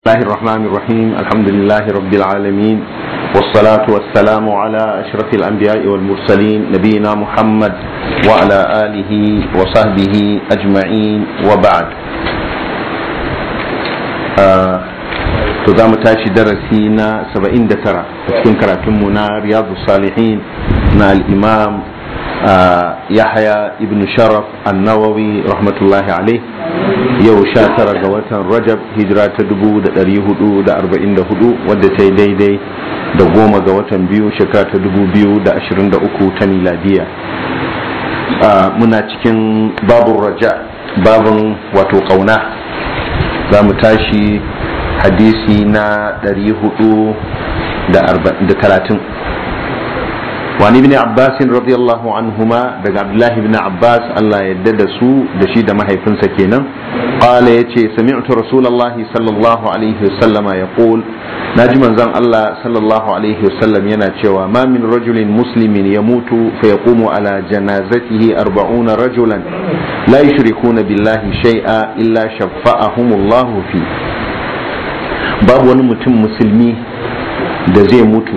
الله الرحمن الرحيم الحمد لله رب العالمين والصلاة والسلام على أشرف الأنبياء والمرسلين نبينا محمد وعلى آله وصحبه أجمعين وبعد تزام تاشي درسينا سبعين دترة تكون كراتمنا رياض الصالحين مع الإمام yahya ibn sharaf annawawi rahmatullahi alaih yau sha tara ga watan rajab hijira ta 444 wadda ta yi daidai da goma ga watan biyu shekara ta 2023 ta miladiya muna cikin babun raja babun wato kauna za mu tashi hadisi na 430 wani ibn abbas radiyallahu anhuma daga abdullahi ibn abbas Allah ya yarda da su da shi da mahaifinsa kenan qala yace sami'tu rasulullahi sallallahu alaihi wasallam yaqul naji manzon Allah sallallahu alaihi wasallam yana cewa ma min rajulin muslimin yamutu fa yaqumu ala janazatihi 40 rajulan la yushrikuna billahi shai'a illa shaffa'ahumullahu fi babu wani mutum musulmi da zai mutu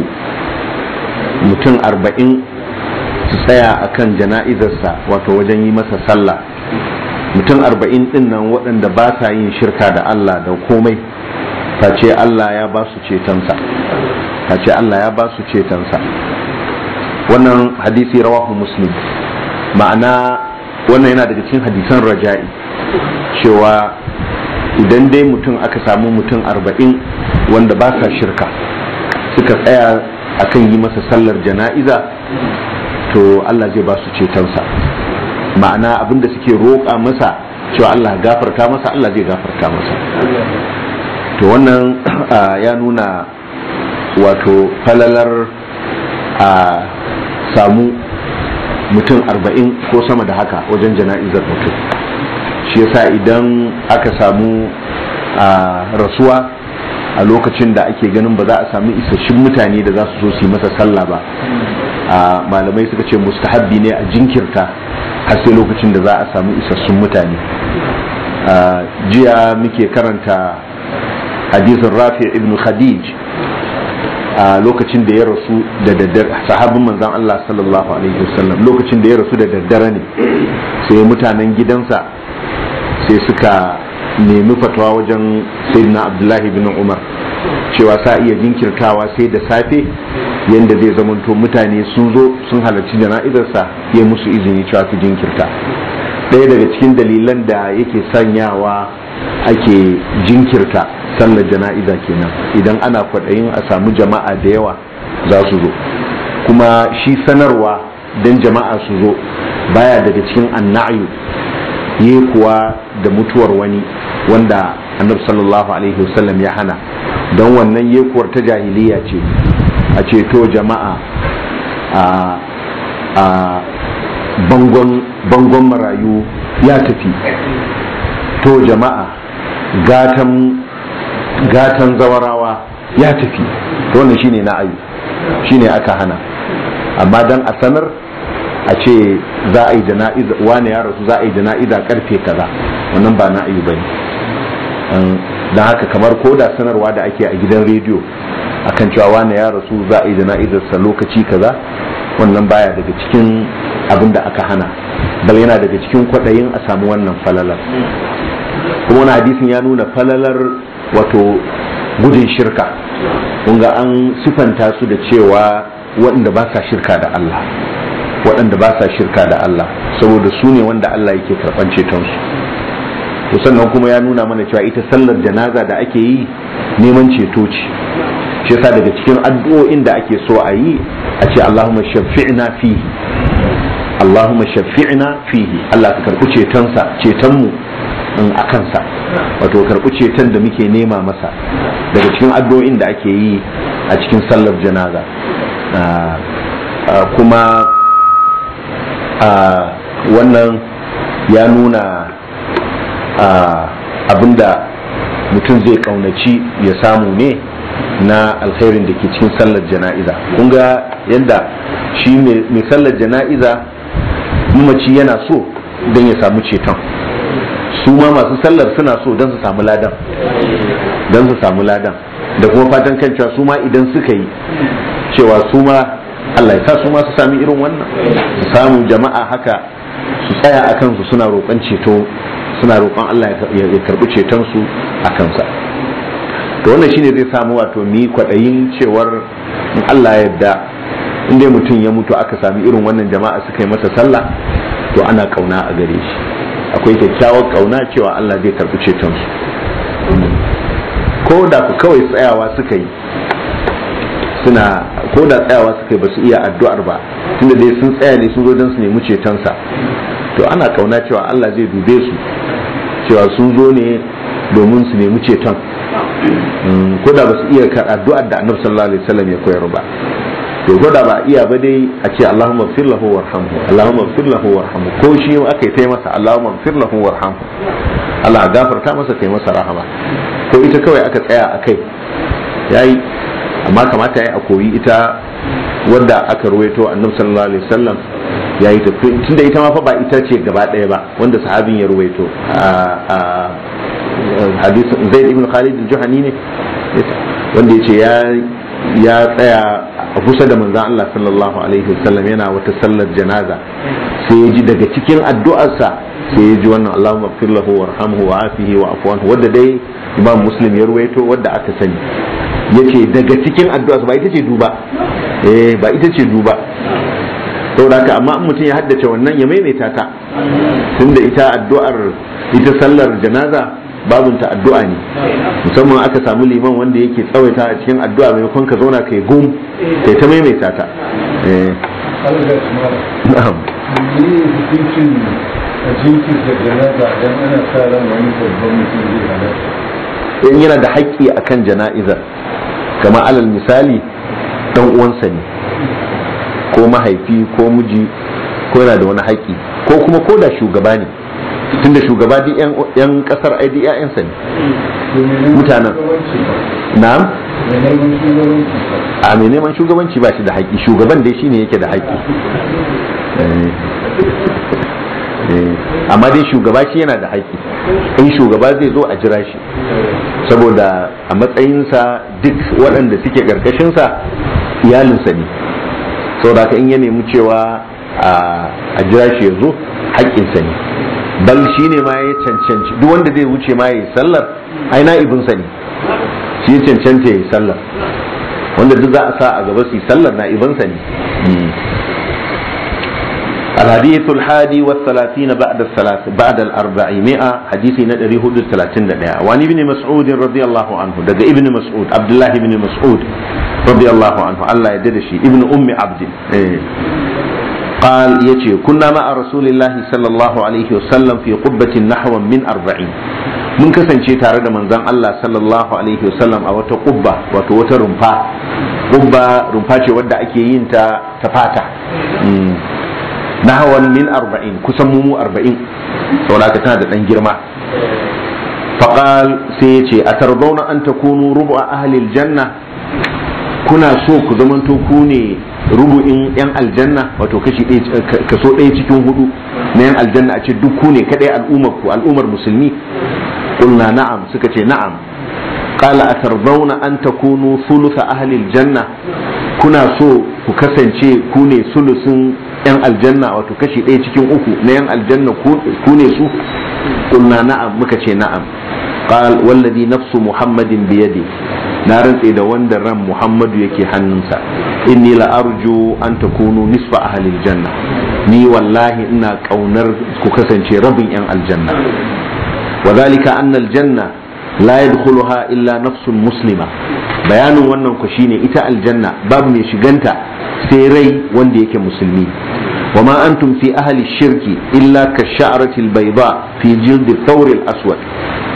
mutum arba'in su tsaya a kan jana'izarsa wato wajen yi masa sallah mutum arba'in ɗin nan waɗanda ba sa yin shirka da allah da komai face allah ya ba su cetonsa face allah ya ba su cetonsa wannan hadisi rawahu muslim ma'ana wannan yana daga cikin hadisan raja'i cewa idan dai mutum aka samu mutum arba'in wanda ba sa shirka suka tsaya akan yi masa sallar jana'iza to Allah zai ba su cetonsa ma'ana abin da suke roƙa masa cewa Allah gafarta masa Allah zai gafarta masa to wannan ah, ya nuna wato falalar a ah, samu mutum arba'in ko sama da haka wajen jana'izar mutum shi yasa idan aka samu ah, rasuwa a lokacin da ake ganin ba za a sami isasshin mutane da za su zo su masa sallah ba a malamai suka ce mustahabbi ne a jinkirta har sai lokacin da za a sami isassun mutane jiya muke karanta hadisin rafi ibn khadij a lokacin da ya rasu da daddare sahabin manzan Allah sallallahu alaihi wasallam lokacin da ya rasu da daddare ne sai mutanen gidansa sai suka nemi fatawa wajen sayyidina abdullahi bin umar cewa sa iya jinkirtawa sai da safe yadda zai zamanto mutane sun zo sun halarci jana'izarsa ya musu izini cewa su jinkirta ɗaya daga cikin dalilan da yake sanyawa ake jinkirta sallar jana'iza kenan idan ana kwaɗayin a samu jama'a da yawa za su zo kuma shi sanarwa don jama'a su zo baya daga cikin annayu yi kuwa da mutuwar wani wanda annabi sallallahu alaihi wasallam ya hana don wannan yekuwar ta jahiliya ce a ceto jama'a a bangon marayu ya tafi to jama'a gatan zawarawa ya tafi wannan shine na ayu shine aka hana amma don a sanar a ce za a yi jana'iza wani ya rasu za a yi jana'iza karfe kaza wannan ba na ba ne don haka kamar ko da sanarwa da ake a gidan rediyo akan cewa wani ya rasu za a yi sa lokaci kaza wannan baya daga cikin abin da aka hana bal yana daga cikin kwaɗayin a samu wannan falalar kuma wani hadisin ya nuna falalar wato gudun shirka kun ga an sifanta su da cewa waɗanda ba sa shirka da Allah waɗanda ba sa shirka da Allah saboda su ne wanda Allah yake karɓan cetonsu to sannan kuma ya nuna mana cewa ita sallar janaza da ake yi neman ceto ce shi yasa daga cikin addu'o'in da ake so a yi a ce Allahumma shafi'na fihi Allahumma shafi'na fihi Allah ka karɓi cetonsa cetonmu in mm, akan sa. wato karɓi ceton da muke nema masa daga cikin addu'o'in da ake yi a cikin sallar janaza ah, ah, kuma a wannan ya nuna a abinda mutum zai kaunaci ya samu ne na alkhairin da ke cikin sallar jana'iza kun ga yadda shi mai sallar jana'iza mamaci yana so don ya samu ceton su ma masu sallar suna so don su samu ladan don su samu ladan da kuma fatan kanta cewa su ma idan suka yi cewa su ma Allah ya sa su ma su sami irin wannan su samu jama'a haka su tsaya a kansu suna roƙon ceto suna roƙon Allah ya karɓi cetonsu a kansa to wannan shine zai samu wato ni kwaɗayin cewar in Allah ya yarda in dai mutum ya mutu aka sami irin wannan jama'a suka yi masa sallah to ana kauna a gare shi akwai kyakkyawar kauna cewa Allah zai karɓi cetonsu ko da ku kawai tsayawa suka yi suna ko da tsayawa suka ba su iya addu'ar ba tunda dai sun tsaya ne sun zo don su nemi cetonsa to ana kauna cewa Allah zai dube su cewa sun zo ne domin su nemi ceton mm, ko da ba su iya addu'ar da annabi sallallahu alaihi wasallam ya koyar ba to ko da ba iya ba dai a ce Allahumma ighfir lahu warhamhu Allahumma ighfir lahu warhamhu ko shi aka yi masa Allahumma ighfir lahu warhamhu Allah gafarta masa kai masa rahama ko ita kawai aka tsaya a kai yayi amma kamata ya a koyi ita wanda aka ruwaito annabi sallallahu alaihi wasallam ya yi tafi tunda ita ma fa ba ita ce gaba ɗaya ba wanda sahabin ya ruwaito a hadisin zaid ibn khalid al-juhani ne wanda yace ya ya tsaya a kusa da manzon Allah sallallahu alaihi wasallam yana wata sallar janaza sai ya ji daga cikin addu'arsa sai ya ji wannan Allahumma ighfir lahu warhamhu wa afihi wa afwanhu wanda dai Imam Muslim ya ruwaito wanda aka sani yace daga cikin addu'a ba ita ce duba eh ba ita ce duba saboda haka amma in mutum ya haddace wannan ya maimaita ta tunda ita addu'ar ita sallar janaza babunta addu'a ne musamman aka samu liman wanda yake tsawaita a cikin addu'a maimakon ka zauna kai gum kai ta maimaita ta eh in yana da haƙƙi akan jana'izar kama alal misali dan uwansa ne ko mahaifi ko miji ko yana da wani haƙƙi ko kuma ko da shugaba ne tunda shugaba duk yan kasar ai ƴaƴansa ne mutanen na'am a mai neman shugabanci ba shi da haƙƙi shugaban dai shine yake da haƙƙi eh. Eh, amma dai shugaba shi yana da haƙƙi in shugaba zai zo a jira shi saboda a matsayinsa duk waɗanda suke ƙarƙashinsa iyalinsa ne saboda ka in ya nemi cewa a jira shi ya zo haƙƙinsa ne bal shi ne ma ya cancanci duk wanda zai wuce ma ya yi sallar aina ibinsa ne shi ya cancanta ya yi sallar wanda duk za a sa a gaba su yi sallar na'ibansa ne hmm. الحديث الحادي والثلاثين بعد الثلاث بعد الأربعمائة حديث ندري هود الثلاثين دنيا وعن ابن مسعود رضي الله عنه دقى ابن مسعود عبد الله بن مسعود رضي الله عنه الله يدرشي ابن أم عبد إيه. قال يتي كنا مع رسول الله صلى الله عليه وسلم في قبة نحو من أربعين mun kasance tare da manzon Allah sallallahu alaihi wasallam a wata kubba wato wata rumfa kubba rumfa ce wadda ake yin ta ta fata Na hawan min arba'in kusan mumu arba'in saboda tana da ɗan girma faƙal sai ya ce a tarbauna an ta kunu rubu a ahalil janna kuna so ku zamanto ku ne rubu'in yan aljanna wato kashi kaso ɗaya cikin hudu na yan aljanna a ce duk ku ne kaɗai al'ummar ku al'ummar musulmi kulna na'am suka ce na'am qala atarbauna an takunu thuluth ahli aljanna kuna so ku kasance ku ne sulusin yan aljanna wato kashi ɗaya cikin uku na yan aljanna ku ne su kulna na'am muka ce na'am qal wallazi nafsu muhammadin yadi na rantse da wanda ran muhammadu yake hannunsa inni la arju an takunu nisfa ahli janna ni wallahi ina kaunar ku kasance rabin yan aljanna wa dalika anna aljanna la yadkhuluha illa nafsun muslima bayanin wannan ku shine ita aljanna babu mai shiganta sai rai wanda yake musulmi wama an fi ahli shirki illa ka sha'aratil ba fi jirgin thawril aswad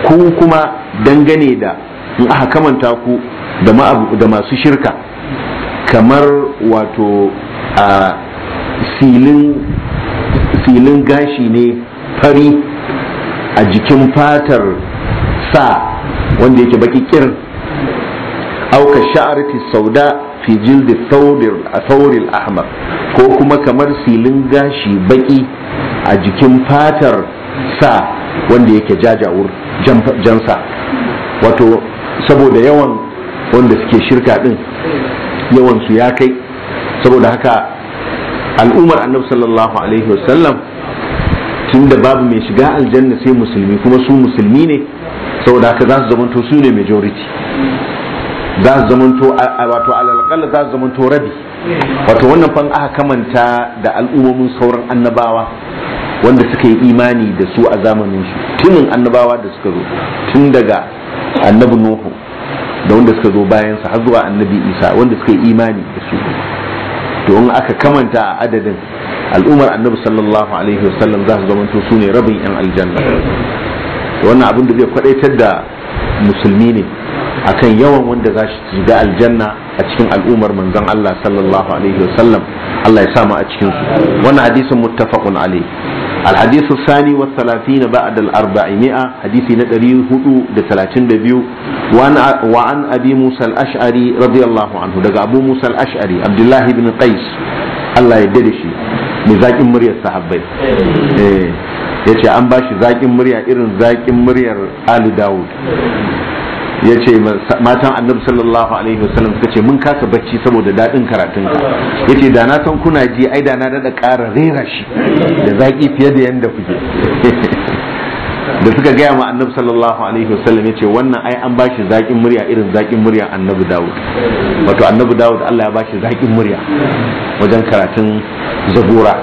ku kuma dangane da in aka kamanta ku da masu shirka kamar wato a filin gashi ne fari a jikin fatar sa wanda yake baki kirin auka sha'aratil sauda fi jildi thawril ahmar ko kuma kamar silin gashi baki a jikin fatar sa wanda yake jajawur jansa wato saboda yawan wanda suke shirka din yawan su ya kai saboda haka al'ummar annabi sallallahu alaihi wasallam tunda babu mai shiga aljanna sai musulmi kuma su musulmi ne saboda haka za su zamanto su ne majority za su zamanto wato alalakalla za su zamanto rabi wato wannan fan aka kamanta da al'ummomin sauran annabawa wanda suka yi imani da su a zamanin su tunin annabawa da suka zo tun daga annabi nuhu da wanda suka zo bayansa har zuwa annabi isa wanda suka yi imani da su to in aka kamanta a adadin al'ummar annabi sallallahu alaihi wasallam za su zamanto su ne rabin yan aljanna wannan abin da zai kwadaitar da musulmi ne akan yawan wanda za shi shiga aljanna a cikin al'ummar manzon Allah sallallahu alaihi wasallam Allah ya sama a cikin su wannan hadisin muttafaqun alaihi الحديث الثاني والثلاثين بعد الأربعمائة حديث ندري هدو دثلاثين دبيو وعن, وعن أبي موسى الأشعري رضي الله عنه دقى أبو موسى الأشعري عبد الله بن قيس الله يدرشي مزاج مريا الصحابي إيه. yace an bashi eh, zaƙin murya irin zaƙin muryar Ali Dawud ya ce matan annabi sallallahu alaihi wasallam suka ce mun kasa bacci saboda daɗin karatun ka ya ce da na san kuna ji ai da na daɗa ƙara rera shi da zaƙi fiye da yadda kuke da suka gaya ma annabi sallallahu alaihi wasallam ya ce wannan ai an bashi zaƙin murya irin zaƙin murya annabi dawud wato annabi dawud allah ya bashi zaƙin murya wajen karatun zabura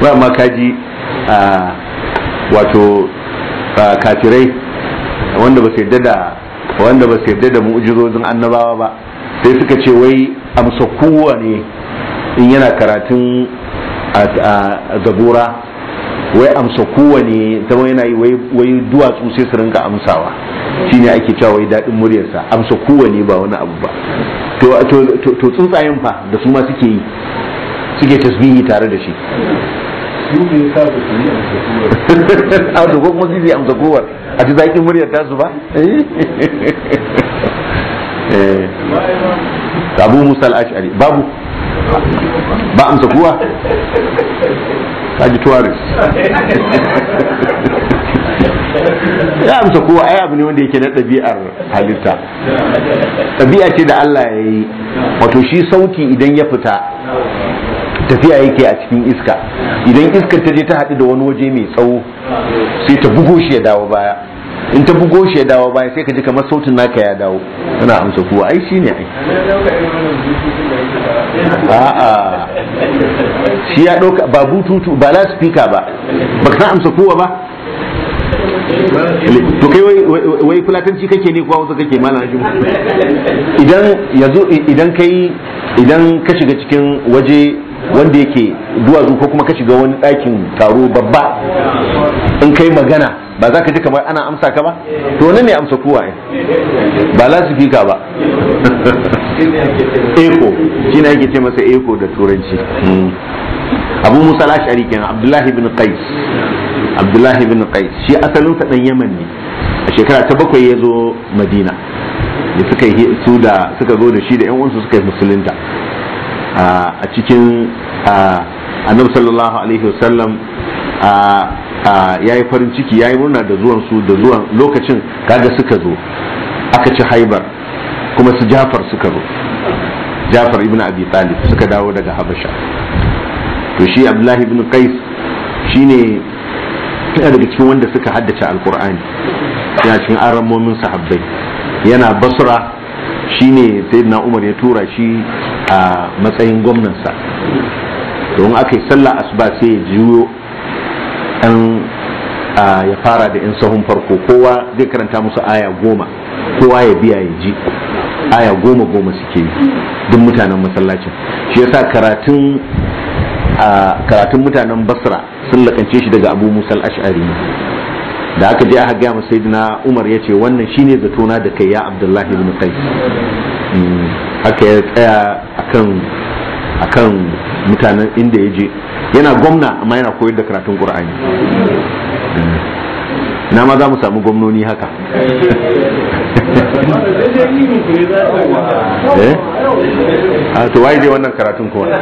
ba ma kaji ah, wato ah, kafirai wanda ba su yarda da wanda ba su yadda da mu'jizozin annabawa ba sai suka ce wai amsa kowa ne in yana karatun a zabura wai amsa kowa ne zama yana yi wai duwatsu sai su rinka amsawa shine ake cewa wai daɗin muryarsa amsa kowa ne ba wani abu ba to tsuntsayen fa da su ma suke yi suke tasbihi tare da shi a to ko kuma su zai amsa kowar a ji zaƙin muryar tasu ba eh. abu musa al'ashari babu ba amsa kowa kaji tuwaris ya amsa kowa ai abu ne wanda yake na ɗabi'ar halitta ɗabi'a ce da Allah ya yi wato shi sauki idan ya fita tafiya yake a cikin iska idan iskar ta je ta haɗu da wani waje mai tsawo sai ta bugo shi ya dawo baya in ta bugo shi ya dawo baya sai ka ji kamar sautin naka ya dawo kana amsa kuwa ai shi ne ai a'a shi ya ɗauka ba bututu ba la speaker ba ba ka amsa kuwa ba to kai wai fulatanci kake ne kuwa wasu kake malam shi idan yazo idan kai idan ka shiga cikin waje wanda yake duwatsu ko kuma ka shiga wani ɗakin taro babba in kai magana ba za ka ji kamar ana amsa ka ba to nan ne amsa kowa ne ba fika ba eko shi ne ake ce masa eko da turanci hmm. abu musa al-ash'ari kenan abdullahi bin qais abdullahi bin qais shi asalin sa dan yaman ne a shekara ta bakwai ya zo madina da suka yi su da suka zo da shi da yan uwansu suka yi musulunta a cikin annabi sallallahu alaihi wasallam ya yi farin ciki ya yi murna da zuwan su da zuwan lokacin kaga suka zo aka ci haibar kuma su jafar suka zo jafar ibn abi talib suka dawo daga habasha to shi abdullahi ibn qais shine daga cikin wanda suka haddace alkur'ani yana cikin aramomin sahabbai yana basra shine sayyidina umar ya tura shi a matsayin gwamnansa don aka yi sallah asuba sai ya juyo ɗan ya fara da yan sahun farko kowa zai karanta musu aya goma kowa ya biya ya ji aya goma goma suke yi duk mutanen masallacin shi yasa karatun karatun mutanen basra sun lakance shi daga abu musal ash'ari da aka je aka gaya masa sayyidina umar ya ce wannan shine zato na da kai ya abdullahi ibn qais hmm. haka ya tsaya a kan mutanen inda ya je yana gwamna amma yana koyar da karatun ƙura'ani mm. na ma za mu samu gwamnoni haka a eh? ah, to waye wannan karatun kuma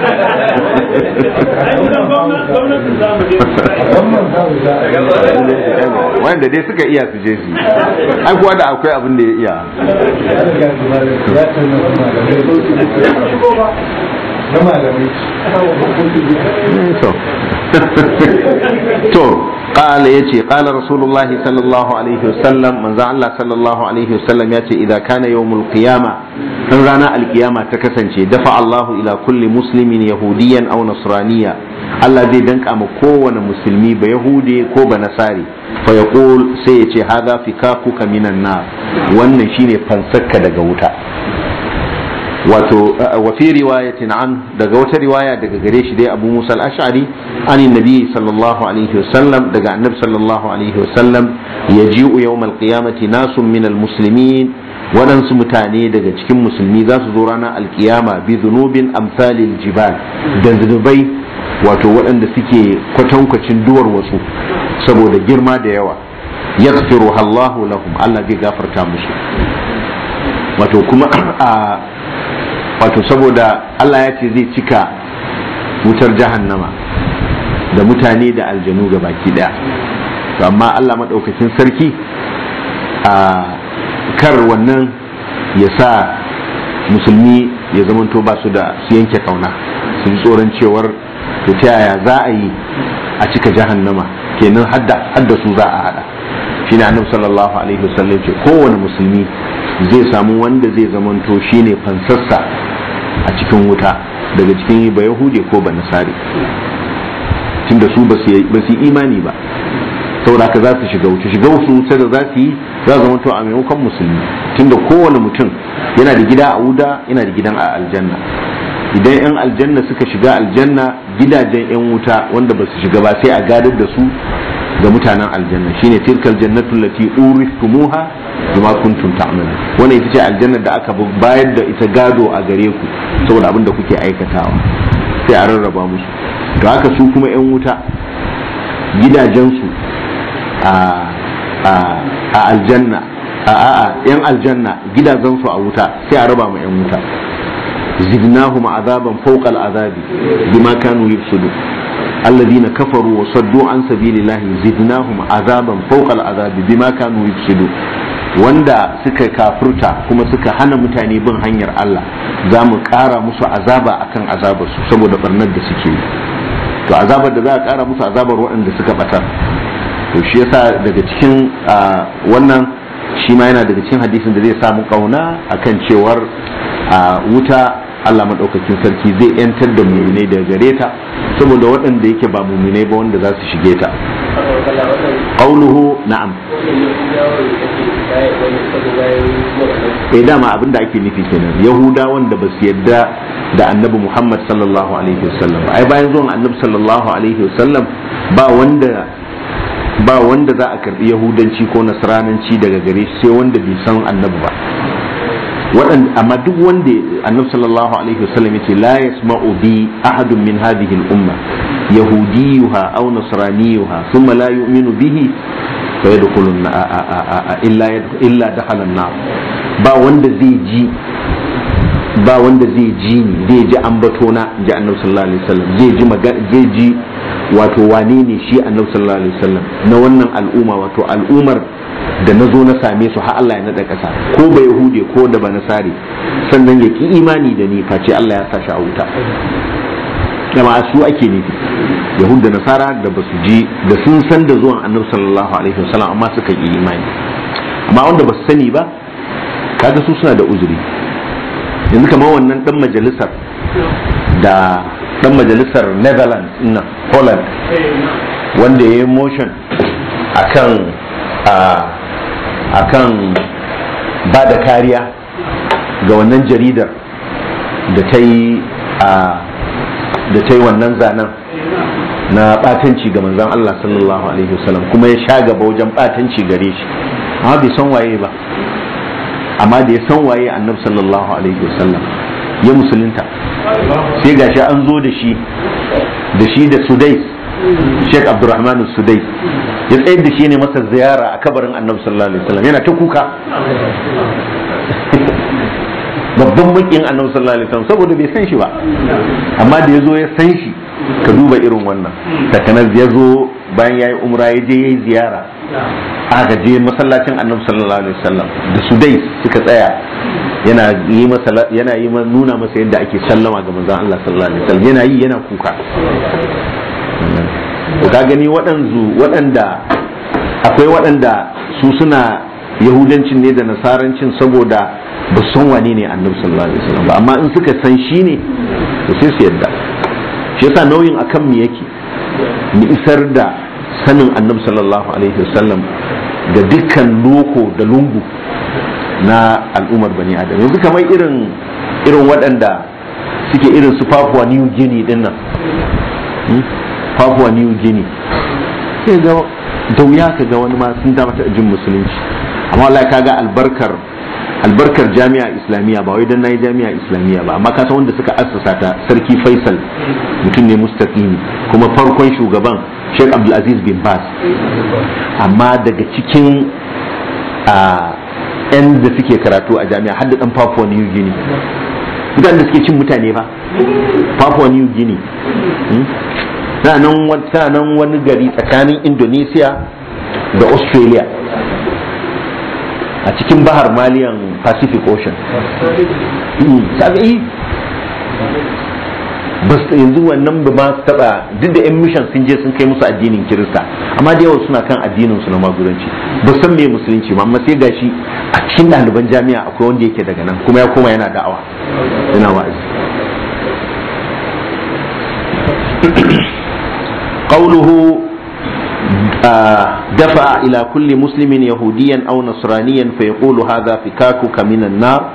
wanda dai suka iya su je su ai kuwa da akwai abin da ya iya na malamai to qala yace qala rasulullahi sallallahu alaihi wasallam manzo Allah sallallahu alaihi wasallam yace idza kana yawmul qiyama in rana alqiyama ta kasance dafa Allahu ila kulli muslimin yahudiyan aw nasraniya Allah zai danka mu kowane musulmi ba Yahudi ko ba nasari fa yaqul sai yace hadha fikakuka minan nar wannan shine fansakka daga wuta wato uh, wa fi riwayatin an daga wata riwaya daga gare shi dai Abu Musa al-Ash'ari an nabi sallallahu alaihi wasallam daga annabi sallallahu alaihi wasallam yaji'u yawm al-qiyamati nasun min al-muslimin waɗansu mutane daga cikin musulmi za su zo ranar alkiyama bi zunubin amsalil jibal da zunubai wato waɗanda suke kwatankwacin duwar wasu saboda girma da yawa yaghfiruha hallahu lahum Allah zai gafarta musu wato kuma a wato saboda Allah ya ce zai cika wutar jahannama da mutane da aljanu ga baki daya to amma Allah maɗaukakin sarki a kar wannan ya sa musulmi ya zamanto ba su da su yanke kauna su tsoron cewar to ta yaya za a yi a cika jahannama kenan hadda su za a hada ne annabi sallallahu alaihi wasallam ce kowane musulmi zai samu wanda zai zamanto shine fansarsa a cikin wuta daga cikin ba yahude ko ba nasari tunda su ba su imani ba saboda haka za su shiga wuce shiga wasu wuce da za su yi za su zama a maimakon musulmi tunda kowane mutum yana da gida a wuda yana da gidan a aljanna idan 'yan aljanna suka shiga aljanna gidajen 'yan wuta wanda ba su shiga ba sai a gadar da su ga mutanen aljanna shine tilkal jannatu lati uristumuha bima kuntum ta'malun wannan ita ce aljanna da aka bayar da ita gado a gare ku saboda abin da kuke aikatawa sai a rarraba musu to haka su kuma yan wuta gidajensu a a aljanna a a yan aljanna gidajensu a wuta sai a raba ma yan wuta zidnahum azaban fawqa al'azabi bima kanu yufsidun الذين كفروا وصدوا عن سبيل sabilillahi zidnahum azaban فوق العذاب بما كانوا wanda suka kafurta kuma suka hana mutane bin hanyar Allah za mu ƙara musu azaba akan azabarsu saboda barnar da suke yi to azabar da za a ƙara musu azabar waɗanda suka ɓatar to shi yasa daga cikin wannan shi ma yana daga cikin hadisin da zai samu ƙauna akan cewar wuta Allah maɗaukakin sarki zai yantar da mumine da gare ta saboda waɗanda yake ba mumine ba wanda za su shige ta qauluhu na'am eh dama abin da ake nufi kenan yahuda wanda ba su yadda da annabi muhammad sallallahu alaihi wasallam ai bayan zuwan annabi sallallahu alaihi wasallam ba wanda ba wanda za a karbi yahudanci ko nasrananci daga gare shi sai wanda bai san annabi ba waɗanda amma duk wanda annabi sallallahu alaihi wasallam yace la yasma'u bi ahadun min hadhihi al-umma yahudiyuha aw nasraniyuha thumma la yu'minu bihi fa yadkhulu illa illa dakhala an-nar ba wanda zai ji ba wanda zai ji ni zai ji na ji annabi sallallahu alaihi wasallam zai ji zai ji wato wane ne shi annabi sallallahu alaihi wasallam na wannan al'umma wato al'ummar da na zo na same su har Allah ya nada kasa ko ba yahude ko da ba nasari sannan ya ki imani da ni face Allah ya sa shi a wuta a su ake nufi yahud da nasara da basu ji da sun san da zuwan annabi sallallahu alaihi wasallam amma suka yi imani amma wanda ba su sani ba kaga su suna da uzuri yanzu kamar wannan dan majalisar da dan majalisar netherlands na holland wanda ya yi motion akan akan ba da kariya ga wannan jaridar da ta yi da ta yi wannan zanen na batanci ga manzan Allah sallallahu alaihi wasallam kuma ya sha gaba wajen batanci gare shi amma bai san waye ba amma da ya san waye annabi sallallahu alaihi wasallam ya musulunta sai gashi an zo da shi da shi da sudais sheikh abdurrahman sudais ya tsayar da shi ne masa ziyara a kabarin annabi sallallahu alaihi wasallam yana ta kuka babban makin annabi sallallahu alaihi wasallam saboda bai san shi ba amma da ya zo ya san shi ka duba irin wannan sakanar ya zo bayan ya yi umra ya je ya yi ziyara aka je masallacin annabi sallallahu alaihi wasallam da su dai suka tsaya yana yi masa yana yi nuna masa yadda ake sallama ga manzon Allah sallallahu alaihi wasallam yana yi yana kuka ka gani waɗanzu waɗanda akwai waɗanda su suna yahudancin ne da nasarancin saboda ba san wane ne annabi sallallahu alaihi wasallam ba amma in suka san shi ne to sai su yadda shi yasa nauyin akan mu yake mu isar da sanin annabi sallallahu alaihi wasallam da dukkan loko da lungu na al'ummar bani adam yanzu kamar irin irin waɗanda suke irin su papua new guinea din nan hmm? papua new guinea sai ga da wuya ka ga wani ma sun damata jin musulunci amma Allah ka ga albarkar albarkar jami'a islamiyya ba wai dan nayi jami'a islamiyya ba amma ka wanda suka assasa ta sarki faisal mutum ne mustaqimi kuma farkon shugaban sheikh abdulaziz bin bas amma daga cikin yan da suke karatu a jami'a hadda dan papua new guinea mutanen da suke cin mutane ba papua new guinea hmm? sanan wani gari tsakanin indonesia da australia a cikin bahar maliyan pacific ocean hmm. eh. ba su yanzu wannan ba ma taba duk da 'yan mishan sun je sun kai musu addinin kirista amma da yawa suna kan addinin su na magudanci ba san me musulunci ba amma sai gashi a cikin ɗaliban jami'a akwai wanda yake daga nan kuma ya koma yana da'awa yana wa'azi qawluhu دفع إلى كل مسلم يهوديا أو نصرانيا فيقول هذا فكاكك من النار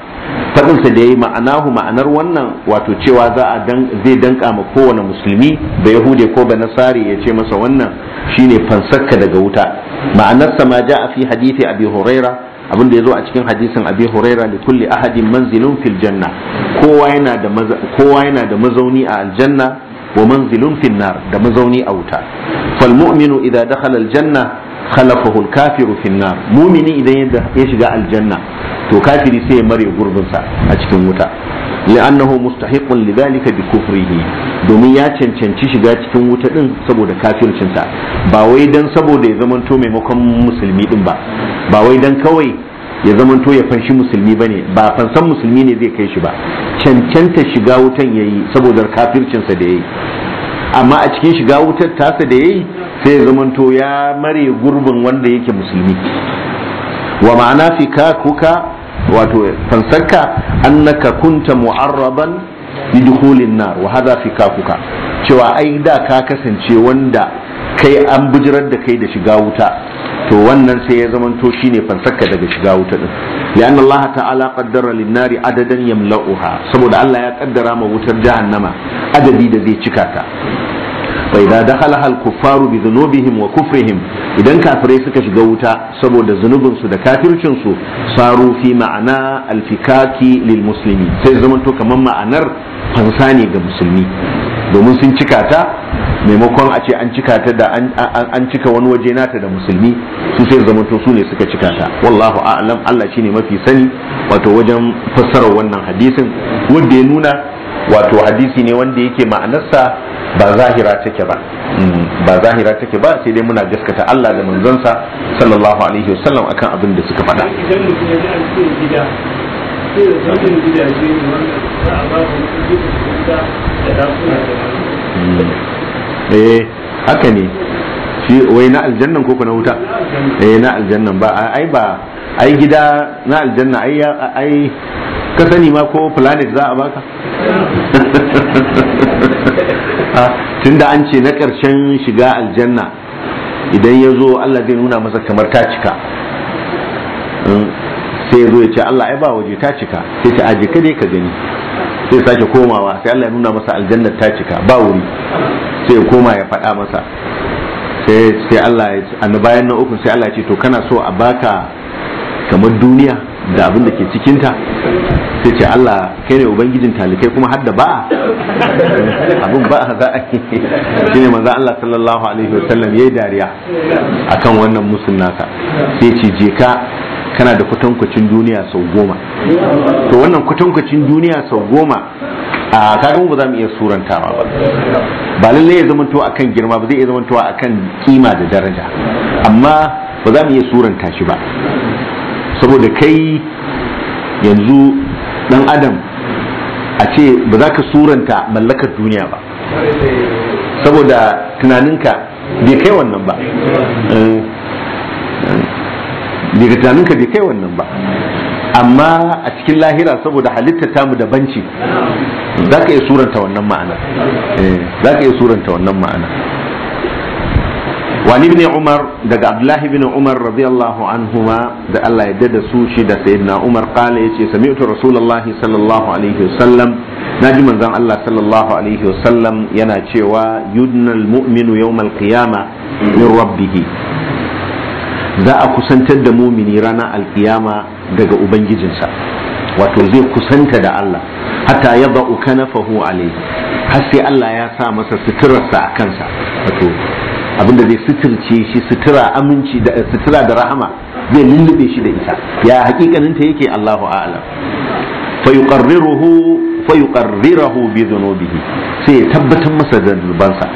faɗin sa da yayi ma'anahu ma'anar wannan wato cewa a zai danka ma kowane musulmi da yahude ko ba nasari ya ce masa wannan shine fansakka daga wuta ma'anar sa ma ja'a fi hadisi abi huraira abin da ya zo a cikin hadisin abi huraira li kulli ahadin manzilun fil janna kowa yana da mazauni a aljanna wa manzilun fin nar da mazauni a wuta fal mu'minu idza dakhala al janna khalafahu al kafiru finna nar mu'mini idan ya shiga aljanna to kafiri sai ya mare gurbin sa a cikin wuta li'annahu mustahiqun lidhalika bi kufrihi domin ya cancanci shiga cikin wuta din saboda kafircinsa ba wai dan saboda ya zamanto maimakon musulmi din ba ba wai dan kawai ya zamanto ya fanshi musulmi bane ba fansan musulmi ne zai kai shi ba cancanta shiga wutan yayi saboda kafircinsa da yayi amma a cikin shiga wutar tasa da yayi sai ya zamanto ya mare gurbin wanda yake musulmi wa ma'ana fi ka kuka wato fansarka annaka kunta mu'arraban lidukhulin nar wa hada fi ka kuka cewa ai da ka kasance wanda kai an bujirar da kai da shiga wuta to wannan sai ya zamanto shine fansakka daga shiga wuta din lian Allah ta'ala qaddara lin-nari adadan yamla'uha saboda Allah ya kaddara ma wutar jahannama adadi da zai cika ta fa idza dakhalaha al-kuffaru bi dhunubihim wa kufrihim idan kafirai suka shiga wuta saboda zunubin su da kafircin su saru fi ma'ana al-fikaki lil muslimin sai zamanto kaman ma'anar fansa ne ga musulmi domin sun cika ta maimakon a ce an cika ta da an cika wani waje nata da musulmi su sai zamanto su ne suka cika ta wallahu a'lam Allah shine mafi sani wato wajen fassarar wannan hadisin wanda ya nuna wato hadisi ne wanda yake ma'anarsa ba zahira take ba mm, ba zahira take ba sai dai muna gaskata Allah da manzansa sallallahu alaihi wasallam akan abin da suka faɗa Mm. eh haka ne shi wai na aljannan ko na wuta eh na aljannan ba ai ba ai gida na aljanna ai ai ka sani ma ko planet za a baka ah, tunda an ce na karshen shiga aljanna idan ya zo Allah zai nuna masa kamar ta cika hmm, sai ya zo ya ce Allah ai ba waje ta cika sai ta aje ka dai ka gani sai sake komawa sai Allah ya nuna masa aljannar ta cika ba wuri sai ya koma ya faɗa masa sai sai Allah ya annabi bayan na uku sai Allah ya ce to kana so a baka kamar duniya da abin da ke cikinta sai ce Allah kai ne ubangijin talikai kuma har da ba'a abin ba'a za a shine manzo Allah sallallahu alaihi wasallam yayi dariya akan wannan musun naka sai ce je ka kana da kwatankwacin duniya sau goma to wannan kwatankwacin duniya sau goma a kagan ba za mu iya surantawa ba ba lallai ya a kan girma ba zai iya a kan kima da daraja amma ba za mu iya suranta shi ba saboda kai yanzu dan adam a ce ba za ka suranta mallakar duniya ba saboda tunaninka bai kai wannan ba eh, daga tunaninka bai kai wannan ba amma a cikin lahira saboda halitta tamu da banci za ka iya suranta wannan ma'ana eh, za ka iya suranta wannan ma'ana wani ibn umar daga abdullahi ibn umar radiyallahu anhuma da Allah ya dada su shi da sayyidina umar kala ya ce sami'tu rasulullahi sallallahu alaihi wasallam na ji manzon Allah sallallahu alaihi wasallam yana cewa yudnal mu'minu yawmal qiyama min rabbihi za a kusantar da mumini rana alkiyama daga ubangijinsa wato zai kusanta da Allah hatta ya ba'u kanafahu alaihi har sai Allah ya sa masa suturarsa a kansa wato abinda zai suturce shi sutura aminci da sutura da rahama zai lullube shi da ita ya hakikanin ta yake Allahu a'lam fa yuqarriruhu fa yuqarriruhu bi dhunubihi sai ya tabbatar masa da zunubansa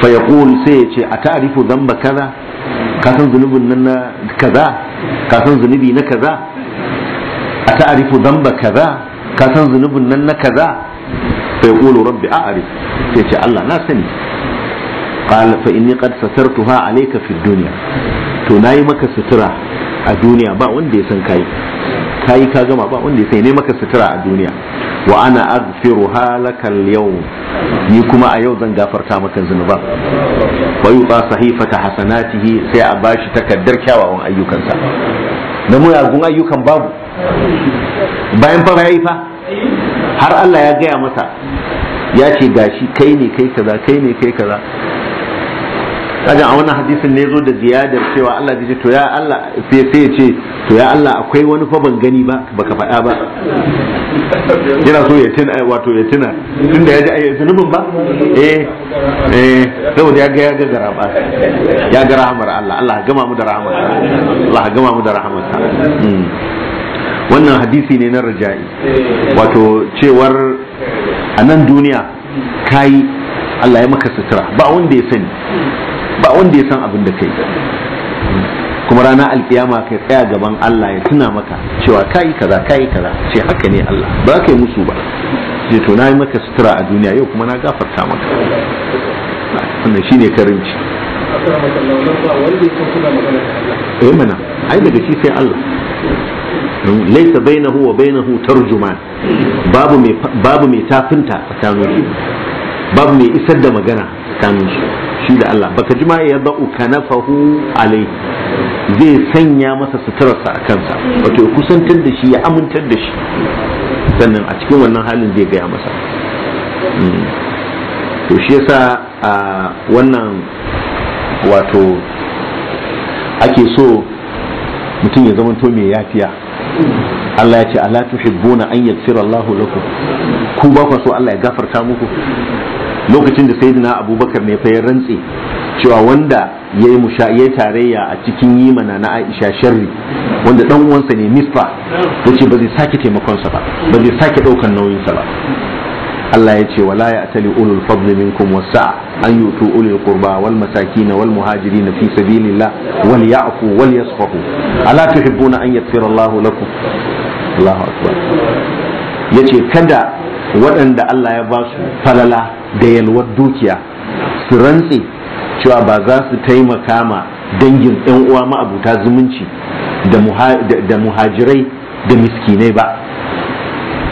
fa yaqul sai ya ce a tarifu dhanba kaza ka san zunubin nan na kaza ka san zunubi na kaza a ta'arifu zamba kaza ka san zunubin nan na kaza sai yaqulu rabbi a'rif sai ce Allah na sani qala fa inni qad satartuha alayka fi dunya to nayi maka sutura a duniya ba wanda ya san kai kayi ka gama ba wanda ya sai ne maka sutura a duniya wa ana azfiru halakal yau ni kuma a yau zan gafarta maka zunuba wa yuba sahifata hasanatihi sai a bashi takaddar kyawawan ayyukansa na muyagun ayyukan babu bayan fa yayi fa har Allah ya gaya masa ya ce gashi kai ne kai kaza kai ne kai kaza kaga a wannan hadisin ne zo da ziyadar cewa Allah ya ce to ya Allah sai sai ya ce to ya Allah akwai wani fa ban gani ba baka faɗa ba yana so ya tuna wato ya tuna tunda ya ji ayyukan zunubin ba eh eh saboda ya ga ya ga garaba ya ga rahmar Allah Allah gama mu da rahmar Allah gama mu da sa hmm. wannan hadisi ne na raja'i wato cewar a nan duniya kai Allah ya maka sutura ba wanda ya sani ba wanda ya san abin da kai kuma rana alkiyama kai tsaya gaban Allah ya tuna maka cewa kai kaza kai kaza sai haka ne Allah ba ka musu ba sai to nayi maka sutura a duniya yau kuma na gafarta maka wannan shine karinci eh mana ai daga shi sai Allah laisa bainahu wa bainahu tarjuman babu mai babu mai tafinta tsakanin babu mai isar da magana tsakanin shi shi da Allah baka jima ya da'u fahu alai zai sanya masa suturarsa a kansa wato ya kusantar da shi ya amintar da shi sannan a cikin wannan halin zai gaya masa mm. to shi yasa a wannan wato ake so mutum ya zama to mai yafiya Allah ya ce ala tuhibbuna an yaghfira Allahu lakum ku ba ku so Allah ya gafarta muku lokacin da saidina abubakar ne fayar rantse cewa wanda ya yi tarayya a cikin yi mana na aisha sharri wanda dan uwansa ne misfa. ya ce ba zai sake taimakonsa ba ba zai sake daukan nauyinsa ba Allah ya ce wala ya atali ulul fadli minkum wasa an yutu ulul qurba wal masakin wal muhajirin fi sabilillah wal ya'fu wal yasfahu ala tuhibbuna an yaghfira Allah lakum Allahu akbar yace kada waɗanda Allah ya basu su falala da yalwar dukiya su rantse cewa ba za su taimaka ma dangin yan uwa ma'abuta zumunci da muhajirai da miskinai ba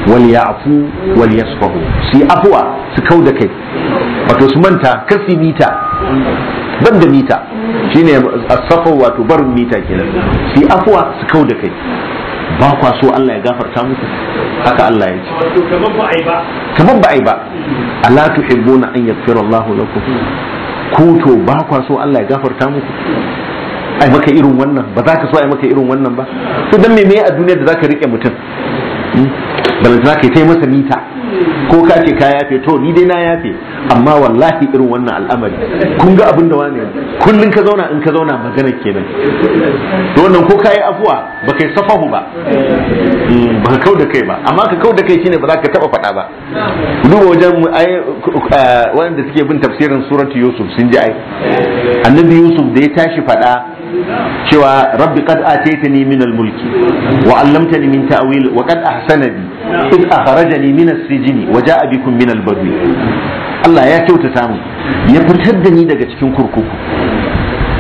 wal ya'fu wal yasfahu su yi afuwa su kau da kai wato su manta kasi mita ban da mita shine safa wato barin mita kenan su yi afuwa su kau da kai ba kwa so Allah ya gafarta muku haka Allah ya ce kamar ba ai ba kamar ba ai ba ala tuhibbuna an yaghfira Allahu lakum ko to ba kwa so Allah ya gafarta muku ai maka irin wannan ba za ka so ai maka irin wannan ba to dan me me a duniya da zaka rike mutum hmm? balantana kai tai masa mita ko ka ce ka yafe to ni dai na yafe amma wallahi irin wannan al'amari kun ga abin da wani kullun ka zauna in ka zauna magana kenan to wannan ko ka yi afuwa ba kai safahu ba mm, ba ka da kai ba amma ka da kai shine ba za ka taba faɗa ba duba wajen eh, wanda suke bin tafsirin suratu yusuf sun ji ai annabi yusuf da ya tashi faɗa cewa rabbi qad ataitani min al-mulki wa 'allamtani min ta'wil wa qad ahsana bi id akhrajani min as-sijni wa ja'a bikum min al-badwi Allah ya kyautata mu ya fitar da ni daga cikin kurkuku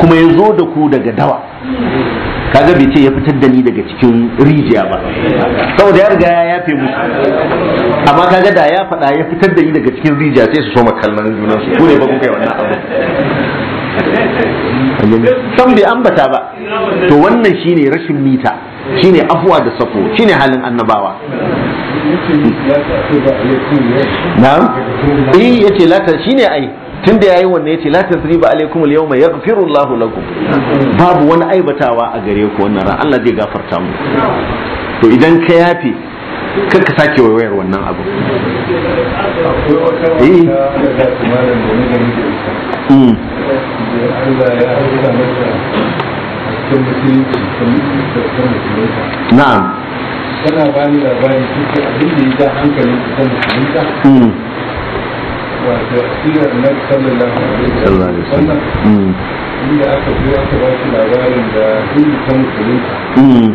kuma ya zo da ku daga dawa kaga bai ce ya fitar da ni daga cikin rijiya ba saboda ya riga ya yafe musu amma kaga da ya faɗa ya fitar da ni daga cikin rijiya sai su so makalman junansu ko ne ba kuka yi wannan abu san bai ambata ba to wannan shine rashin mita shine afuwa da sako shine halin annabawa na'am eh yace lata shine ai tun da yayi wannan yace la tasriba alaikum al yawma yaghfiru Allahu lakum babu wani aibatawa a gare ku wannan ran Allah zai gafarta mu to idan ka yafe kar ka sake wayar wannan abu eh hmm. biyar Allah ya maka cikin musulunci musulunta. Na'am. Kana ba ni labari cikin abin da ya ja hankalin ta musulunta? Hmm. Wato asirar na sallallahu alaihi wa sallam. Hmm. Inda aka zo aka ba shi labarin da hindu ta musulunta. Hmm.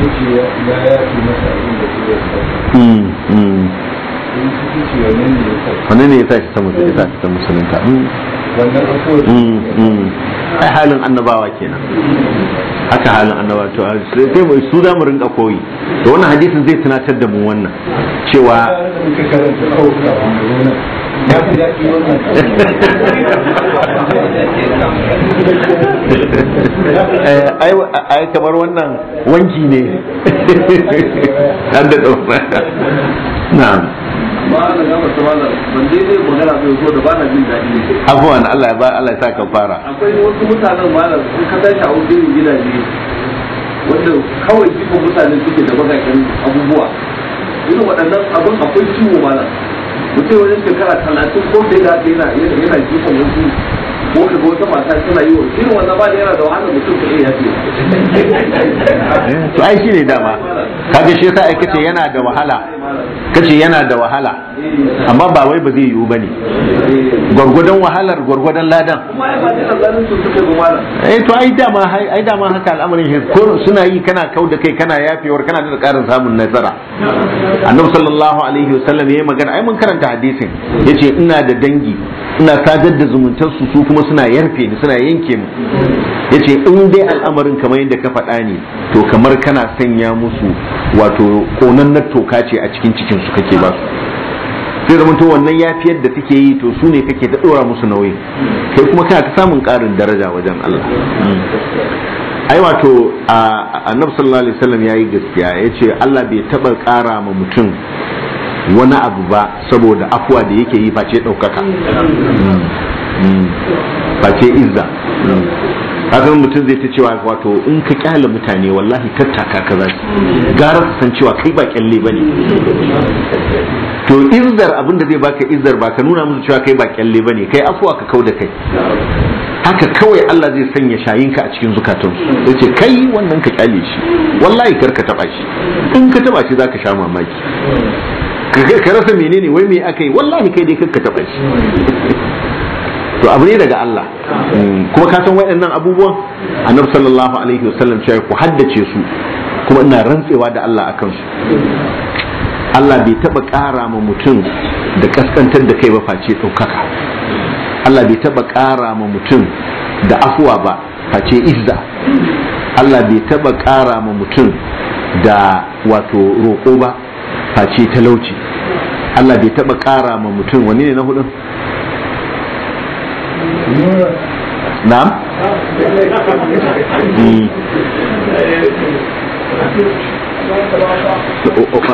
Yace ya ya fi masa abin da ke da wani ne ya sa ta mutu ya sa ta eh. musulunta hmm. hmm, hmm. ai halin annabawa kenan haka halin annabawa to sai mai su za mu rinka koyi da wannan hadisin zai tunatar da mu wannan cewa eh, ai kamar wannan wanki ne na abubuwan Allah ya ba Allah ya sa ka fara akwai wasu mutanen malam sun ka tashi a wajen gidaje wanda kawai jifa mutane suke da bakakken abubuwa irin waɗannan abin akwai ciwo malam mutum wani shekara talatin ko bai da yana yana jifan wasu ko ka wata mata tana yi wa irin wannan ba yana da wahala mutum ka iya yafe eh, to ai shi ne dama kaga shi yasa ai kace yana da wahala kace yana da wahala amma ba wai ba zai yiwu bane gwargwadon wahalar gwargwadon ladan eh to ai dama ai dama haka al'amarin shi ko suna yi kana kau da kai kana yafewar kana da karin samun nasara annabi sallallahu alaihi wasallam yayi magana ai mun karanta hadisin yace ina da dangi ina sadar da zumuntar su su kuma suna yarfe ni suna yanke mu yace in dai al'amarin kamar yadda ka faɗa ne to kamar kana sanya musu wato na toka ce a cikin cikin su kake ba su sai zama to wannan yafiyar da suke yi to su ne kake ta dora musu nauyi kai kuma kana ta samun ƙarin daraja wajen Allah hmm. ai wato annabi sallallahu alaihi wasallam yayi gaskiya yace Allah bai taba ƙara ma mutum wani abu ba saboda afuwa da yake yi face daukaka hmm. hmm. face izza kaga mutum zai ta cewa wato in ka kyale mutane wallahi tattaka ka za su gara su san cewa kai ba kyalle ba ne to izzar abinda zai baka izzar ba ka nuna musu cewa kai ba kyalle ba ne kai afuwa ka kau da kai haka kawai Allah zai sanya shayinka a cikin zukatun zai ce kai wannan ka kyale shi wallahi kar ka taba shi in ka taba shi za ka sha mamaki ka rasa menene wai me aka yi wallahi kai dai kar ka taba shi to abu ne daga Allah mm. kuma ka san waɗannan abubuwan annabi sallallahu alaihi wasallam cewa ku haddace su kuma ina rantsewa da Allah akan su Allah bai taba ƙara ma mutum da kaskantar da kai ba face ɗaukaka Allah bai taba ƙara ma mutum da afuwa ba face izza Allah bai taba ƙara ma mutum da wato roƙo ba face talauci Allah bai taba ƙara ma mutum wani ne na hudun na'am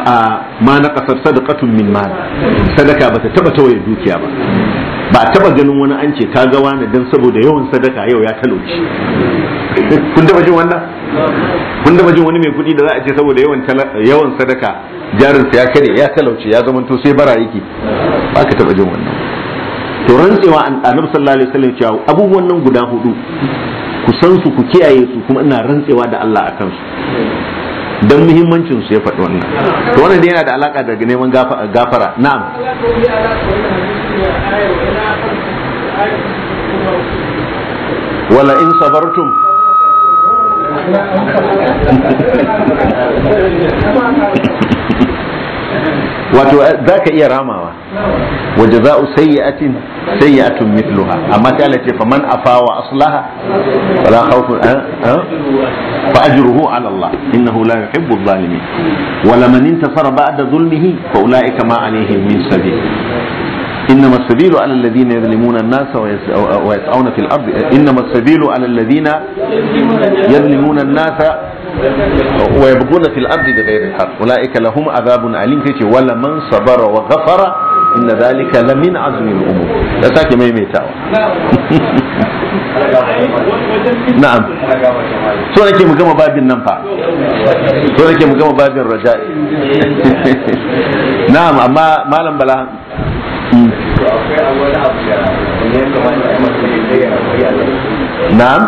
ah, ma na kasar sadakatun min mal sadaka ba ta taba tawaye dukiya ba ba taba ganin wani an ce ka ga saboda yawan sadaka yau ya talauci kun taba jin wannan kun taba jin wani mai kuɗi da za a ce saboda yawan sadaka jarinsa ya kare ya talauci ya zama sai bara yake ba ka taba jin wannan to rantsewa annabi sallallahu alaihi wasallam cewa abubuwan nan guda hudu ku san su ku kiyaye su kuma ina rantsewa da Allah akan su don muhimmancin su ya faɗi wannan to wannan dai yana da alaka daga neman gafara na'am wala in sabartum wato za ka iya ramawa wa jaza'u sayyatin sayyatun mithluha amma ta Allah ce fa man afa wa aslaha wala khawfu fa ajruhu ala Allah innahu la yuhibbu adh-dhalimin wa man intasara ba'da dhulmihi fa ulaika ma alaihim min sabil إنما السبيل على الذين يظلمون الناس ويسعون في الأرض إنما السبيل على الذين يظلمون الناس ويبغون في الأرض بغير الحق أولئك لهم عذاب أليم كيتي ولمن صبر وغفر إن ذلك لمن عزم الأمور لا تاكي ما يميتاوا na'am سورة nake باب gama babin nan fa so nake mu gama babin raja'i na'am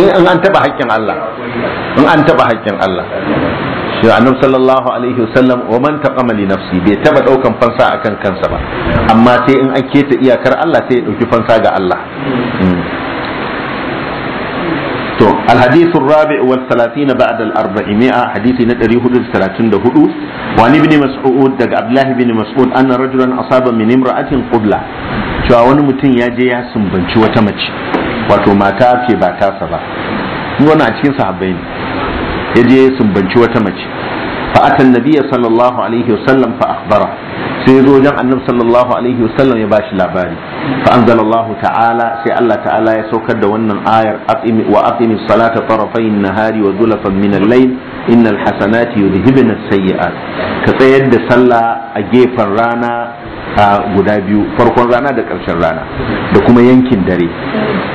in an taba haƙƙin Allah in an taba haƙƙin Allah shi annabi sallallahu alaihi wasallam wa man taqama li nafsi bai taba daukan fansa akan kansa ba amma sai in an keta iyakar Allah sai ya dauki fansa ga Allah hmm. Hmm. to alhadithu rabi hadisi salatina ba'da al-arba'imi'a hadithi na 434 wani ibn mas'ud daga abdullahi ibn mas'ud anna rajulan asaba min imra'atin qubla cewa wani mutum ya je ya sumbanci wata mace wato mata ce ba tasa ba wannan a cikin sahabbai ya je ya sumbanci wata mace fa atan nabiyya alaihi wasallam fa akhbara sai ya zo wajen annabi sallallahu alaihi wasallam ya bashi labari fa anzalallahu ta'ala sai Allah ta'ala ya saukar da wannan ayar wa aqimi salata tarafayn nahari wa zulafan min al-layl innal hasanati yudhibna as-sayyi'at ka tsayar da sallah a gefen rana a guda biyu farkon rana da ƙarshen rana da kuma yankin dare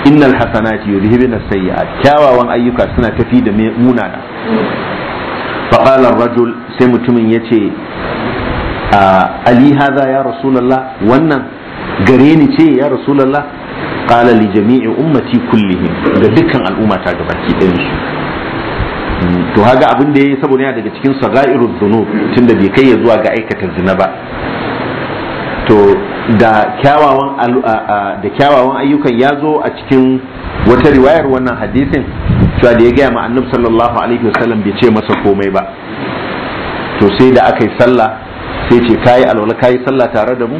innal hasanati yudhibna as-sayyi'at kyawawan ayyuka suna tafi da munana fa qala ar-rajul sai mutumin yace ali haza ya rasulullah wannan gare ni ce ya rasulullah qala li jami'i ummati kullihim ga dukkan al'umma ta gabaki ɗayan shi mm, to haga abin da yayi saboda yana daga cikin sagairu dhunub tunda bai kai ya zuwa ga aikata zina ba to da kyawawan da kyawawan ayyukan ya zo a cikin wata riwayar wannan hadisin cewa da ya gaya ma annabi sallallahu alaihi wasallam bai ce masa komai ba to sai da aka yi sallah sai ce kayi alwala kayi sallah tare da mu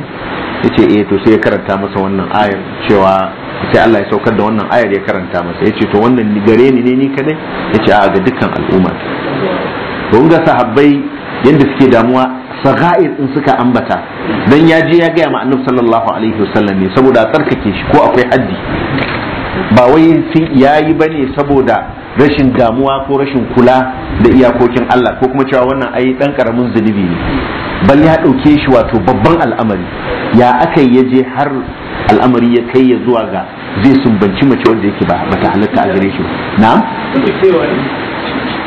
yace eh to sai ya karanta masa wannan ayar cewa sai Allah ya saukar da wannan ayar ya karanta masa yace to wannan gare ni ne ni kadai yace a ga dukkan al'umma don ga sahabbai yadda suke damuwa saga'ir in suka ambata dan ya je ya gaya ma annabi sallallahu alaihi wasallam ne saboda tsarkake shi ko akwai haddi ba wai yayi bane saboda rashin damuwa ko rashin kula da iyakokin Allah ko kuma cewa wannan ai dan karamin zunubi ne bal ya ɗauke shi wato babban al'amari ya aka ya je har al'amari ya kai ya zuwa ga zai sumbanci mace wanda yake ba ta halatta a gare shi na'am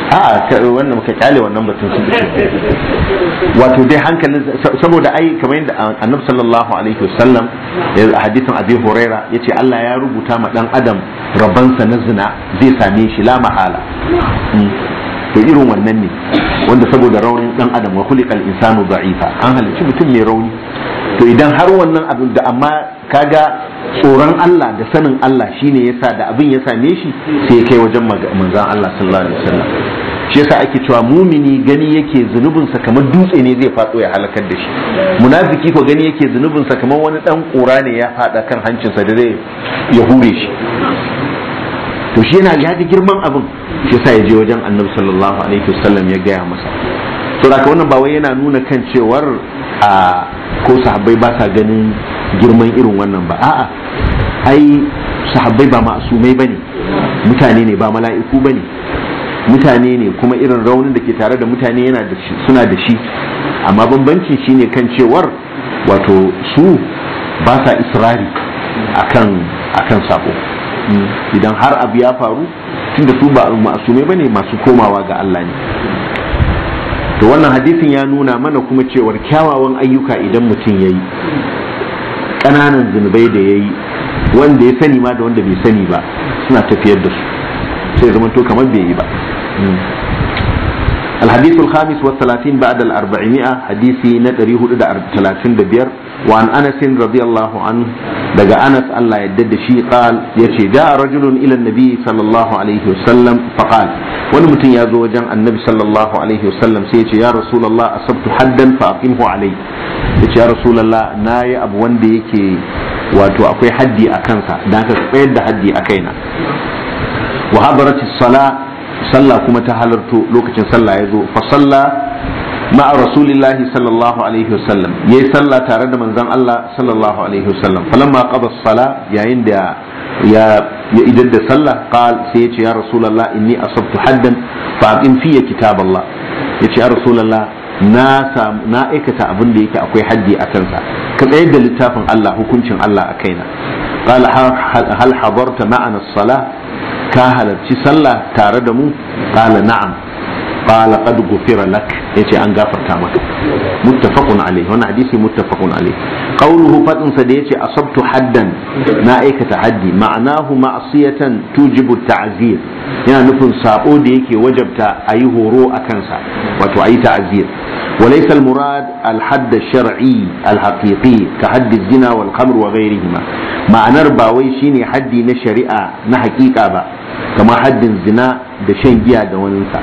a'a wannan muka kyale wannan batun su wato dai hankalin saboda ai kamar yadda annabi sallallahu alaihi wasallam hadisin abi huraira yace Allah ya rubuta ma dan adam rabansa na zina zai same shi la mahala mm. to irin wannan ne wanda saboda raunin dan adam wa khuliqal insanu da'ifa an halicci mutum mai rauni to idan har wannan abin da amma kaga tsoron Allah da sanin Allah shine yasa da abin ya same shi sai ya kai wajen manzon Allah sallallahu alaihi wasallam shi yasa ake cewa mumini gani yake zunubinsa kamar dutse ne zai faɗo ya halakar da shi munafiki ko gani yake zunubinsa kamar wani dan kura ne ya faɗa kan hancinsa da zai ya hure shi to shi yana ya girman abin yasa ya je wajen annabi sallallahu alaihi wasallam ya gaya masa to haka wannan ba wai yana nuna kan cewar a ko sahabbai ba sa ganin girman irin wannan ba a'a ai sahabbai ba ma'asumai bane mutane ne ba mala'iku bane mutane ne kuma irin raunin da ke tare da mutane yana da shi suna da shi amma bambanci shine kan cewar wato su ba sa israri akan akan sabo idan har abu ya faru tunda su ba ma'asumai bane masu komawa ga Allah ne to wannan hadisin ya nuna mana kuma cewar kyawawan ayyuka idan mutum ya yi ƙananan zunubai da ya yi wanda ya sani ma da wanda bai sani ba suna tafiyar da su sai zama to kamar bai yi ba الحديث الخامس والثلاثين بعد الأربعمائة حديثي نتري هدى الثلاثين ببير وعن انس رضي الله عنه دغا انس الله يدد شي قال يتي جاء رجل الى النبي صلى الله عليه وسلم فقال ونمتن يازو وجن النبي صلى الله عليه وسلم سيتي يا رسول الله اصبت حدا فاقمه علي يتي يا رسول الله ناي أبو وند يكي واتو اكوي حدي أكنسا دانك سقيد حدي اكينا وحضرت الصلاه صلى كما تهلرتو لوكتن صلى يزو فصلى ma'a rasulillahi sallallahu alaihi wasallam yayi sallah tare da manzon Allah sallallahu alaihi wasallam falamma qada sala yayin da ya ya idan da sallah qal sai yace ya rasulullah inni asabtu haddan fa aqim fiyya kitaballah yace ya rasulullah na na aikata abin da yake akwai haddi a kansa ka tsayar da littafin Allah hukuncin Allah a kaina qal hal hadarta ka halarci sallah tare da mu qala na'am qala qad ghufira lak yace an gafarta maka muttafaqun alayhi wannan hadisi muttafaqun alayhi qawluhu fadin sa da yace asabtu haddan na aikata haddi ma'anahu ma'siyatan tujibu ta'zir yana nufin sabo da yake wajabta ayi horo a kansa wato ayi ta'zir وليس المراد الحد الشرعي الحقيقي كحد الزنا والخمر وغيرهما معنى باوي شيني حدي na shari'a na hakika ba kamar haddin zina da shan giya da waninsa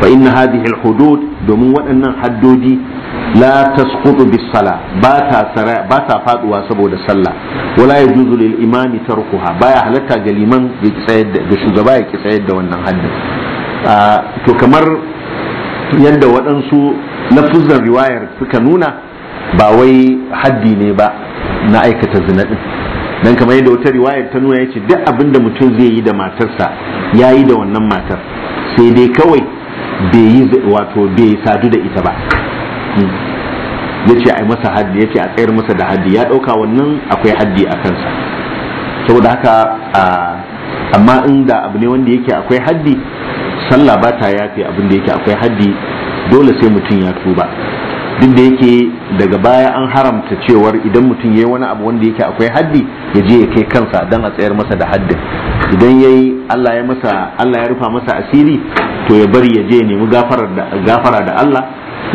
fa inna hadhihi al domin waɗannan haddodi la tasqutu bis sala ba ta sara ba ta faduwa saboda sallah wala yajuzu lil imami tarkuha baya halatta ga liman ya tsayar da shugaba ya ki da wannan haddin to kamar yadda waɗansu lafuzan riwayar suka nuna ba wai haddi ne ba na aikata zina din dan kamar yadda wata riwayar ta nuna yace duk abin da mutum zai yi da matarsa yayi da wannan matar sai dai kawai bai yi wato bai sadu da ita ba hmm. ya ce a yi masa haddi ya ce a tsayar masa da haddi ya ɗauka wannan akwai haddi a kansa saboda haka amma inda abu ne wanda yake akwai haddi sallah ba ta yafe abin da yake akwai haddi dole sai mutum ya tuba duk da yake daga baya an haramta cewar idan mutum ya yi wani abu wanda yake akwai haddi ya je ya kai kansa don a tsayar masa da haddin idan ya yi allah ya rufa masa asiri to ya bari ya je ya nemi gafara da Allah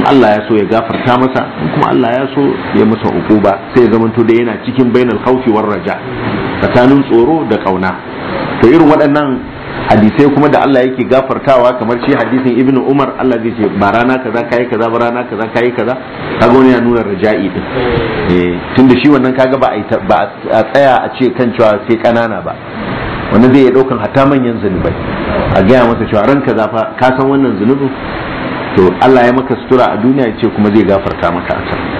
Allah ya so ya gafarta masa kuma Allah ya so ya masa ba sai ya zamanto da yana cikin bainar khawfi war raja tsakanin tsoro da kauna to irin waɗannan hadisai kuma da Allah yake gafartawa kamar shi hadisin Ibn Umar Allah zai ce ba rana kaza kai kaza ba rana kaza kai kaza kaga wani ya nuna raja'i din eh tunda shi wannan kaga ba a tsaya a ce kan cewa sai kanana ba wani zai iya ɗaukan hatta manyan zunubai a gaya masa cewa ranka zafa ka san wannan zunubin to Allah ya maka sutura a duniya ya ce kuma zai gafarta maka a can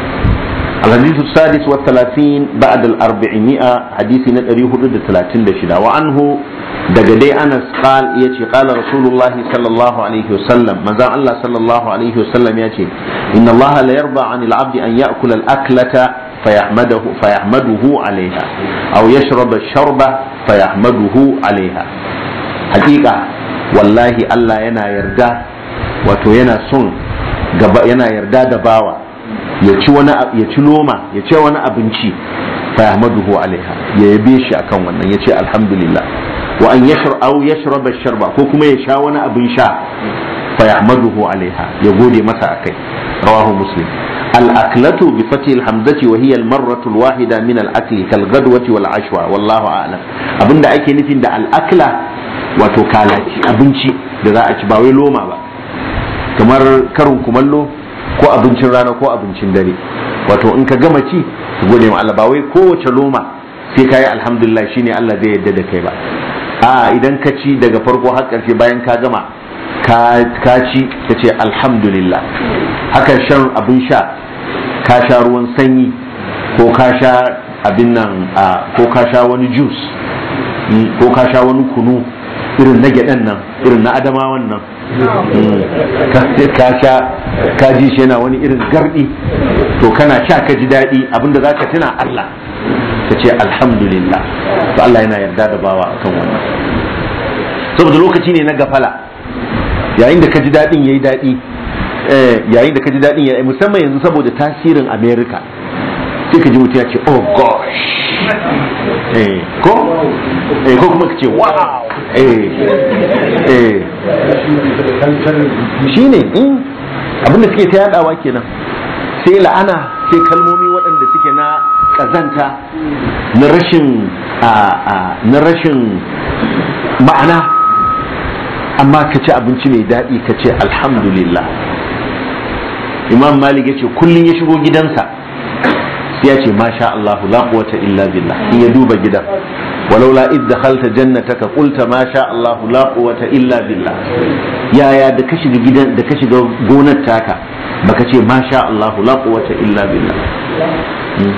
الحديث السادس والثلاثين بعد الأربعمائة حديث نتري هدد ثلاثين دشدا وعنه دقدي أنس قال يتي قال رسول الله صلى الله عليه وسلم ماذا الله صلى الله عليه وسلم يتي إن الله لا يرضى عن العبد أن يأكل الأكلة فيحمده, فيحمده عليها أو يشرب الشربة fayahmaduhu alaiha hakika wallahi Allah yana yarda wato yana son gaba yana yarda da bawa ya ci wani ya ci loma ya ce wani abinci fayahmaduhu alaiha ya yabe shi akan wannan ya ce alhamdulillah wa an yashra au yashraba sharba ko kuma ya sha wani abin sha fa yahmaduhu alaiha ya gode masa akai rawahu muslim الأكلة بفتح الحمزة وهي المرة الواحدة من الأكل كالغدوة والعشوة والله أعلم أبن دا أكي نفين دا الأكلة وتوكالاتي أبنشي دا دا أتباوي لوما با كمار كرون كمالو ko abincin rana ko abincin dare wato in ka gama ci gode ma Allah ba wai kowace loma sai kai alhamdulillah shine Allah zai yarda da kai ba A'a idan ka ci daga farko har ƙarshe bayan ka gama ka ci ka ce alhamdulillah haka shan abin sha ka sha ruwan sanyi ko ka sha abin nan ko ka sha wani juice mm, ko ka sha wani kunu irin na gyaɗan nan irin na adamawan nan mm, ka sha ka ji shi yana wani irin garɗi, to kana sha ka ji daɗi abinda za ka tuna Allah ka ce alhamdulillah to Allah yana yarda da bawa akan wannan saboda lokaci ne na gafala yayin da ka ji daɗin ya yi daɗi eh, yayin da ka ji daɗin ya yi musamman yanzu saboda tasirin america sai ka ji mutu ya ce oh gosh eh ko eh, ko kuma ka ce wow eh eh shine in abinda suke ta yadawa kenan sai la'ana sai kalmomi waɗanda suke na kazanta na rashin ma'ana amma ka ci abinci mai daɗi ka ce alhamdulillah imam malik ya ce kullum ya shigo gidansa ya ce masha Allah la quwwata illa billah in ya duba gidan walaula janna ta jannataka qulta masha Allah la quwwata illa billah yaya da ka shiga gidan da ka shiga gonar taka baka ce masha Allah la quwwata illa billah hmm.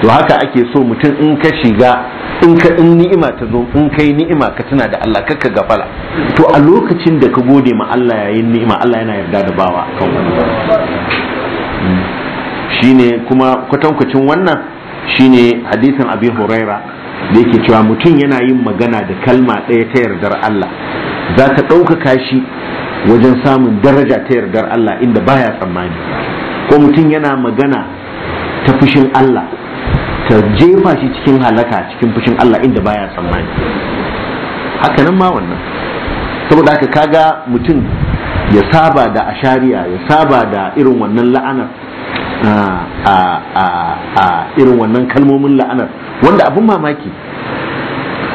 to haka ake so mutum in ka shiga in ka in ni'ima ta zo in kai ni'ima ka tuna da Allah kakka gafala to a lokacin da ka gode ma Allah yayin ni'ima Allah yana yarda da bawa kan Shi shine kuma kwatankwacin wannan shine hadisin Abi Huraira da yake cewa mutum yana yin magana da kalma ɗaya ta yardar Allah za ta ɗaukaka shi wajen samun daraja ta yardar Allah inda baya tsammani ko mutum yana magana ta fushin Allah Ka jefa shi cikin halaka cikin fushin Allah inda baya tsammani haka nan ma wannan saboda haka kaga mutum ya saba da ashariya ya saba da irin wannan la'anar a irin wannan kalmomin la'anar wanda abin mamaki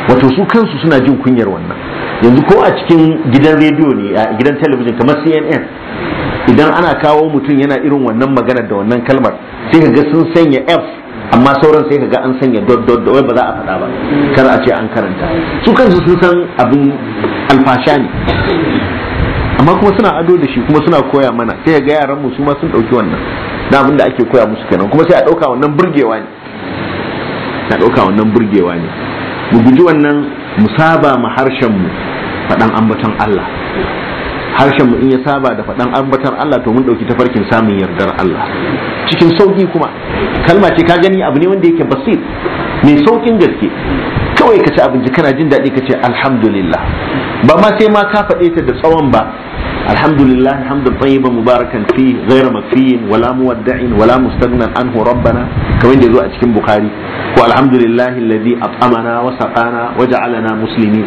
wato su kansu suna jin kunyar wannan yanzu ko a cikin gidan rediyo ne a gidan talabijin kamar cnn idan ana kawo mutum yana irin wannan maganar da wannan kalmar sai ka ga sun sanya f amma sauran sai kaga an sanya dot wai ba za a faɗa ba kar a ce an karanta su kansu sun san abin alfasha ne amma kuma suna ado da shi kuma suna koya mana sai ga yaran mu su ma sun dauki wannan da abin da ake koya musu kenan kuma sai a dauka wannan burgewa ne a dauka wannan burgewa ne mu guji wannan musaba mu harshen mu faɗan ambaton Allah harshen mu in ya saba da faɗan ambatar Allah to mun ɗauki tafarkin samun yardar Allah cikin sauki kuma kalma ce ka gani abu ne wanda yake basir mai saukin gaske kawai ka ci abinci kana jin daɗi ka ce alhamdulillah ba ma sai ma ka faɗe ta da tsawon ba الحمد لله حمدا طيبا مباركا فيه غير مكفي ولا مودع ولا مستغنى عنه ربنا كما يجوز اتكن بخاري والحمد لله الذي اطعمنا وسقانا وجعلنا مسلمين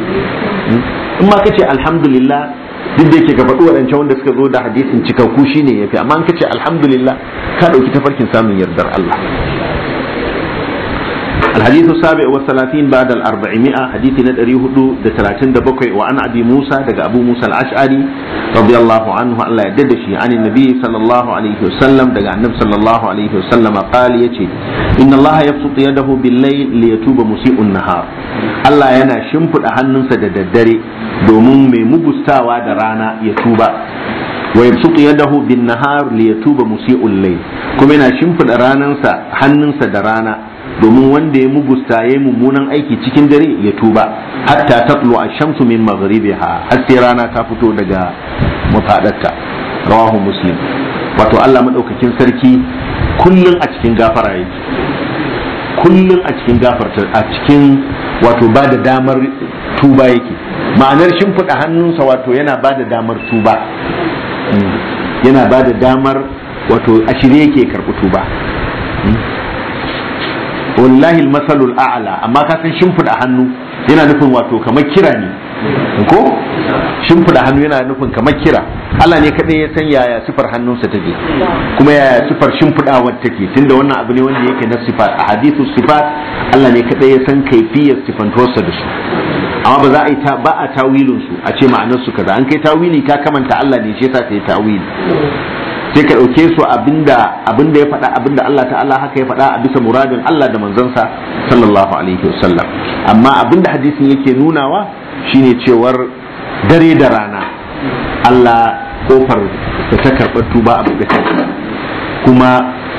اما كتي الحمد لله duk da yake ka faɗi waɗancan wanda suka zo da hadisin cikakku shine yafi amma an kace alhamdulillah ka ɗauki tafarkin samun yardar Allah الحديث السابع والثلاثين بعد الأربعمائة حديث ندري هدو دتلاتين دبقي وعن أبي موسى دق أبو موسى الأشعري رضي الله عنه أن لا يددشي عن النبي صلى الله عليه وسلم دق النبي صلى الله عليه وسلم قال يتي إن الله يبسط يده بالليل ليتوب مسيء النهار الله ينا شمفد أهنن سدد الدري دومون مبستا ودرانا يتوبا wa yabsutu yadahu bin nahar li yatuba musi'ul layl kuma yana shimfida ranansa hannunsa da rana domin wanda ya mugusta ya mummunan aiki cikin dare ya tuba hatta tatlu a shamsu min ha har sai rana ta fito daga mafadarta rawahu muslim wato Allah madaukakin sarki kullun a cikin gafara yake kullun a cikin gafarta a cikin wato ba da damar tuba yake ma'anar shimfiɗa hannunsa wato yana ba da damar tuba hmm. yana ba da damar wato a shirye yake karɓi tuba hmm. wallahi masalul a'la amma ka san hannu yana nufin wato kamar kira ne ko shimfida hannu yana nufin kamar kira Allah ne kaɗai ya san yaya sifar hannunsa take kuma yaya sifar shimfiɗawar take tunda wannan abu ne wanda yake na sifat a hadithu sifat Allah ne kaɗai ya san kaifiyar sifantuwarsa da su amma ba za a yi ba a tawilin su a ce ma'anar su kaza an kai tawili ka kamanta Allah ne shi yasa ta yi tawili sai ka ɗauke su abinda abinda ya faɗa abinda Allah ta'ala haka ya faɗa a bisa muradin Allah da manzansa sallallahu alaihi wasallam amma abinda hadisin yake nunawa shine cewar dare da rana Allah kofar da ta karɓar tuba a buɗe kuma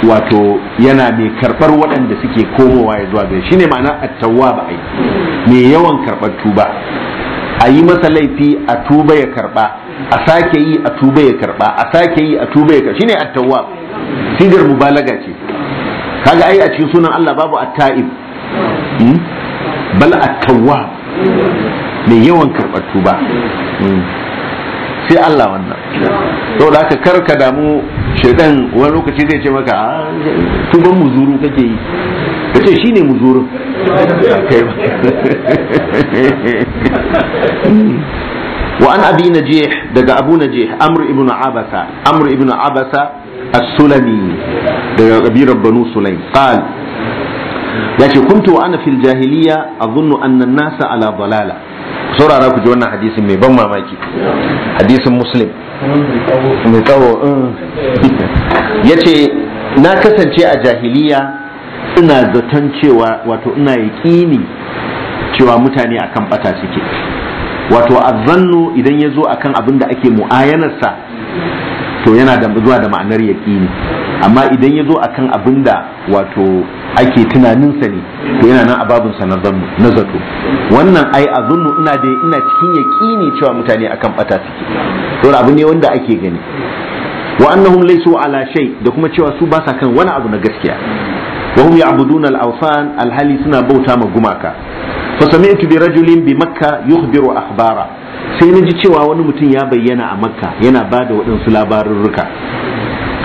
wato yana mai karɓar waɗanda suke komowa ya zuwa gare Shine ma'ana ma'ana tawa ba mai yawan karɓar tuba a yi masa laifi a tuba ya karɓa a sake yi a tuba ya karba a sake yi a tuba ya karba shine at-tawwab sigar mubalaga ce kaga ai a cikin sunan Allah babu at-ta'ib hmm? bal at-tawwab mai yawan karbar tuba hmm. sai Allah wannan da haka kar ka damu shedan wani lokaci zai ce maka ah, tuban muzuru kake yi kace shine muzurin وعن أبي نجيح دقى أبو نجيح أمر ابن عبسة أمر ابن عبسة السلمي دقى قبير بنو سليم قال لكن كنت وأنا في الجاهلية أظن أن الناس على ضلالة سورة راكو جوانا حديث مي بما ماكي حديث مسلم yace na kasance a jahiliya ina zaton cewa wato ina yaƙini cewa mutane akan bata suke wato azannu idan ya zo akan abin da ake mu'ayanarsa to yana da zuwa da ma'anar yaƙini amma idan ya zo akan abin da wato ake tunaninsa ne to yana nan ababinsa na zannu na zato wannan ai a ina da ina cikin yaƙini cewa mutane akan bata suke to abu ne wanda ake gani wa annahum laysu ala shay da kuma cewa su ba sa kan wani abu na gaskiya wa hum ya'buduna al-awsan alhali suna bauta ma gumaka fasami'tu bi rajulin makka yukbiru, akhbara sai na ji cewa wani mutum ya bayyana a makka yana ba da waɗansu labarurruka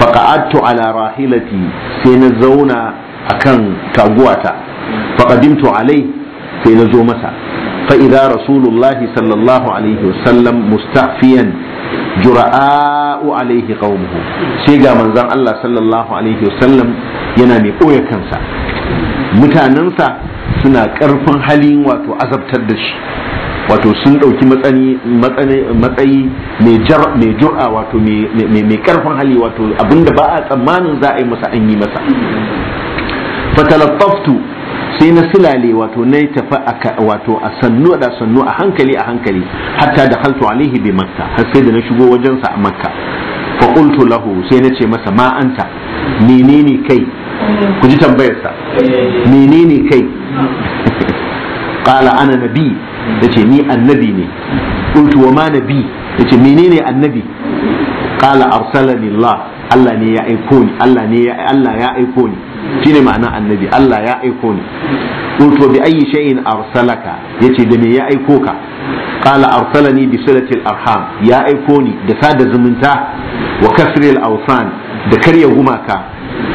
faqa'adtu ala rahilati sai na zauna akan taguwata faqadimtu lai sai na zo masa Fa'ida, idza sallallahu alaihi wasallam mustafiyan jura'a'u alaihi qaumuhu sai ga manzon Allah sallallahu alaihi wasallam yana mai ɓoye kansa mutanensa suna karfin halin wato azabtar da shi wato sun ɗauki matsayi mai jura wato mai karfin hali wato abinda ba a tsammanin za a yi masa an yi masa fatalattaftu sai na silale wato na tafi wato a sannu da sannu a hankali a hankali hatta da haltu alaihi bi makka har sai da na shigo wajensa a makka fa qultu lahu sai na ce masa ma anta menene kai ku ji tambayarsa eh. menene kai qala ana nabi yace ni annabi ne qultu ma nabi yace menene annabi qala arsalani Allah Allah ne ya aiko ni Allah ne ya Allah ya aiko ni shine ma'ana annabi Allah ya aiko ni qultu bi ayyi shay'in arsalaka yace da me ya aiko ka qala arsalani bi silati arham ya aiko ni da sada zumunta wa kasri al-awsan da karya gumaka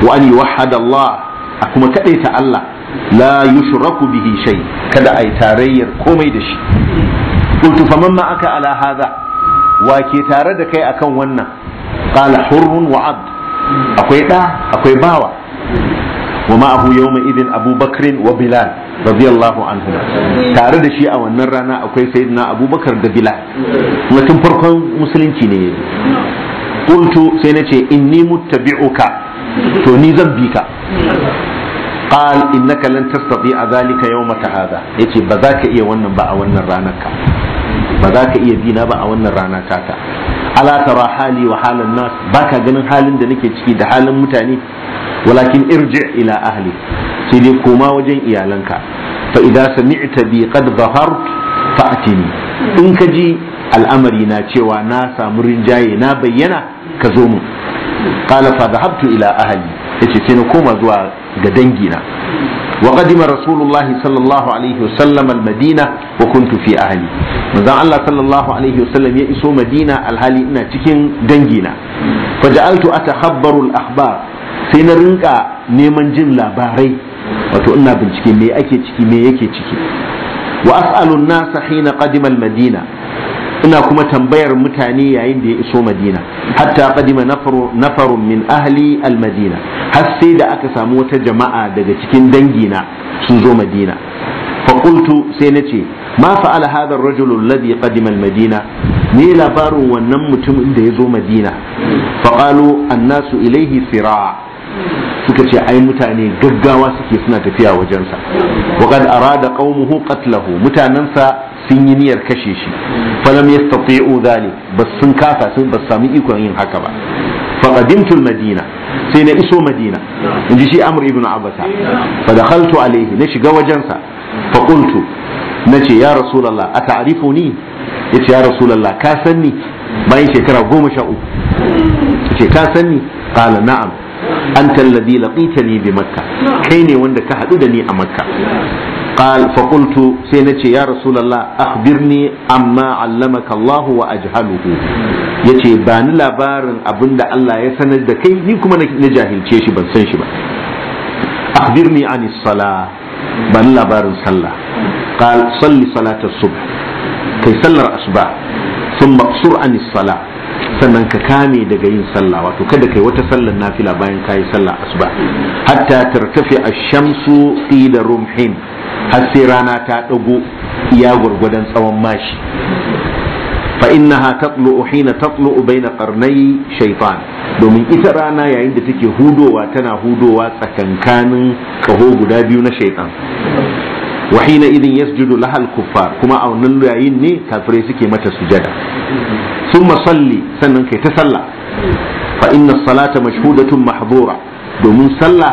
wa an a kuma kadaita Allah la yushraku bihi shay kada ai tarayyar komai da shi qultu faman ma aka ala hadha wa ke tare da kai akan wannan qala hurrun wa abd akwai da akwai bawa wa ma'ahu yawma idin Abubakar wa Bilal radiyallahu anhu tare da shi a wannan rana akwai sayyidina Abubakar da Bilal mutum farkon musulunci ne kuntu sai nace inni muttabi'uka to ni zan bi ka qal innaka lan tastati'a zalika yawmaka hadha yace ba za ka iya wannan ba a wannan ranar ka ba za ka iya bina ba a wannan rana ta ta ala tara hali wa halan ganin halin da nake ciki da halin mutane walakin irji ila ahali. sai dai koma wajen iyalanka fa idza sami'ta ta qad zahart fa'tini in ka ji al'amari na cewa na samu rinjaye na bayyana ka zo mu qala fa dhahabtu ila ahali. yace sai na koma zuwa ga dangina wa qadima rasulullahi sallallahu alaihi wasallam madina wa kuntu fi ahli manzon Allah sallallahu alaihi wasallam ya iso madina alhali ina cikin dangina faja'altu atahabbaru al-akhbar sai na rinka neman jin labarai wato ina bincike me ake ciki me yake ciki wa as'alu an-nas hina qadima al-madina ina kuma tambayar mutane yayin da ya iso madina hatta qadima nafarun min ahli almadina har sai da aka samu wata jama'a daga cikin dangina sun zo madina Faƙultu sai na ce ma fa'ala hadha ar-rajul alladhi qadima al-madina me labarin wannan mutum inda ya zo madina faqalu annasu ilaihi sira suka ce ai mutane gaggawa suke suna tafiya wajensa wa qad arada qaumuhu qatlahu mutanansa sun yi niyyar kashe shi falam yastati'u dhalik Ba sun kasa sun bas samu ikon yin haka ba faqadimtu madina sai na iso madina inji shi Amur ibn abasa fa haltu alayhi na shiga wajensa fa na nace ya rasulullah ata'rifuni yace ya rasulullah ka san ni bayan shekara goma sha uku yace ka san ni qala na'am anta alladhi laqitani bi makka. kai ne wanda ka haɗu da ni a makka? قال فقلت سينتي يا رسول الله أخبرني عما علمك الله وأجهله yace ba ni labarin abin da Allah ya sanar da kai ni kuma na jahilce shi ban san shi ba akhbirni anis sala ba labarin sallah qal salli salatar subh kai sallar asuba sannan ka kame daga yin sallah wato kada kai wata sallar nafila bayan kayi sallah asuba hatta tartafi ash-shamsu qida rumhin har sai rana ta ɗago iya gwargwadon tsawon mashi fa innaha taqlu hina taqlu baina qarnai shaytan domin ita rana yayin da take hudowa tana hudowa tsakankanin kaho guda biyu na shaytan wa hina idin yasjudu laha al-kuffar kuma a wannan yayin ne kafirai suke mata sujada summa salli sannan kai ta sallah fa inna salata mashhudatun mahdura domin sallah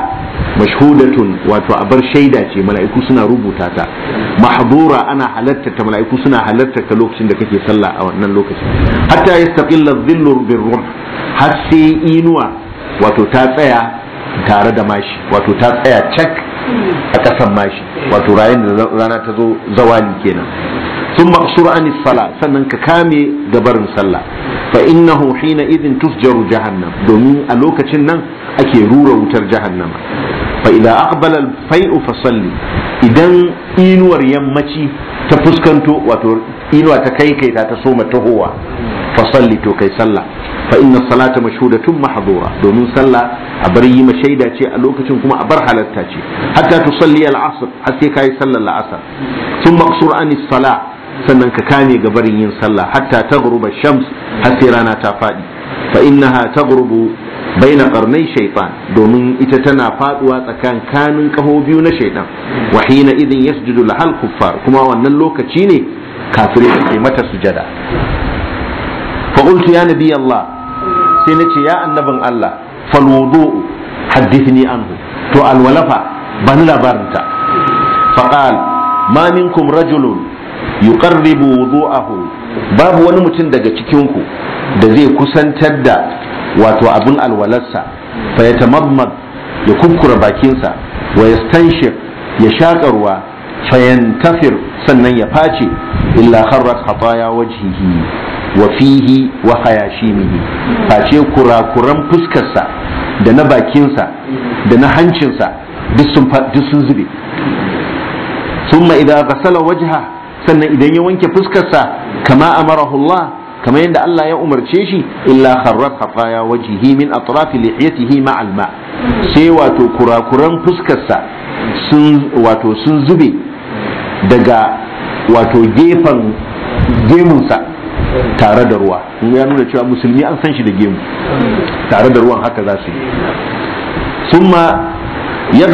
mashhudatun wato a bar shaida ce mala'iku suna rubuta ta mahdura ana halarta ta mala'iku suna halartar ta lokacin da kake sallah a wannan lokacin hatta yastaqilla dhillu birruh har sai inuwa wato ta tsaya tare da mashi wato ta tsaya cak a kasan mashi wato rayin da rana ta zo zawali kenan sun maksur anis sala sannan ka kame gabarin sallah fa innahu hina idin tufjaru jahannam domin a lokacin nan ake rura wutar jahannama fa idza aqbala al-fai'u fasalli idan inuwar yammaci ta fuskanto wato inuwa ta kai kai ta soma tahowa fasalli to kai sallah fa inna salata tun mahdura domin sallah a bar yi ma shaida ce a lokacin kuma a bar halatta ce hatta tusalli al-asr har sai kai sallar la'asar, asr thumma qsur an sannan ka kame ga barin yin sallah hatta taghruba shams har rana ta faɗi, fa innaha taghrubu baina ƙarnai shaytan domin ita tana faduwa tsakan kanun kaho biyu na shaytan wa hina idin yasjudu lahal kuffar kuma wannan lokaci ne kafirai suke mata sujada fa qultu ya nabi Allah sai nace ya annabin Allah fal wudu haddithni anhu to alwalafa bani labarinta fa qal ma minkum rajulun yuqarribu wudu'ahu babu wani mutum daga cikin ku da zai kusantar da wato abin alwalarsa fa ya tamammad ya kukkura bakinsa wa ya ya shaƙarwa fa yantafir sannan ya face illa kharrat khataya wajhihi wa fihi wa hayashimihi face kurakuran fuskarsa da na bakinsa da na hancinsa duk sun zube summa idan ghasala wajha sannan idan ya wanke fuskarsa kama amarahullah kamar yadda Allah ya umarce shi illa kharrat ya wajhihi min atrafi lihiyatihi ma'al ma sai wato kurakuran fuskarsa sun wato sun zube daga wato gefen gemunsa tare da ruwa ya nuna cewa musulmi an san shi da gemu tare da ruwan haka za su yi ya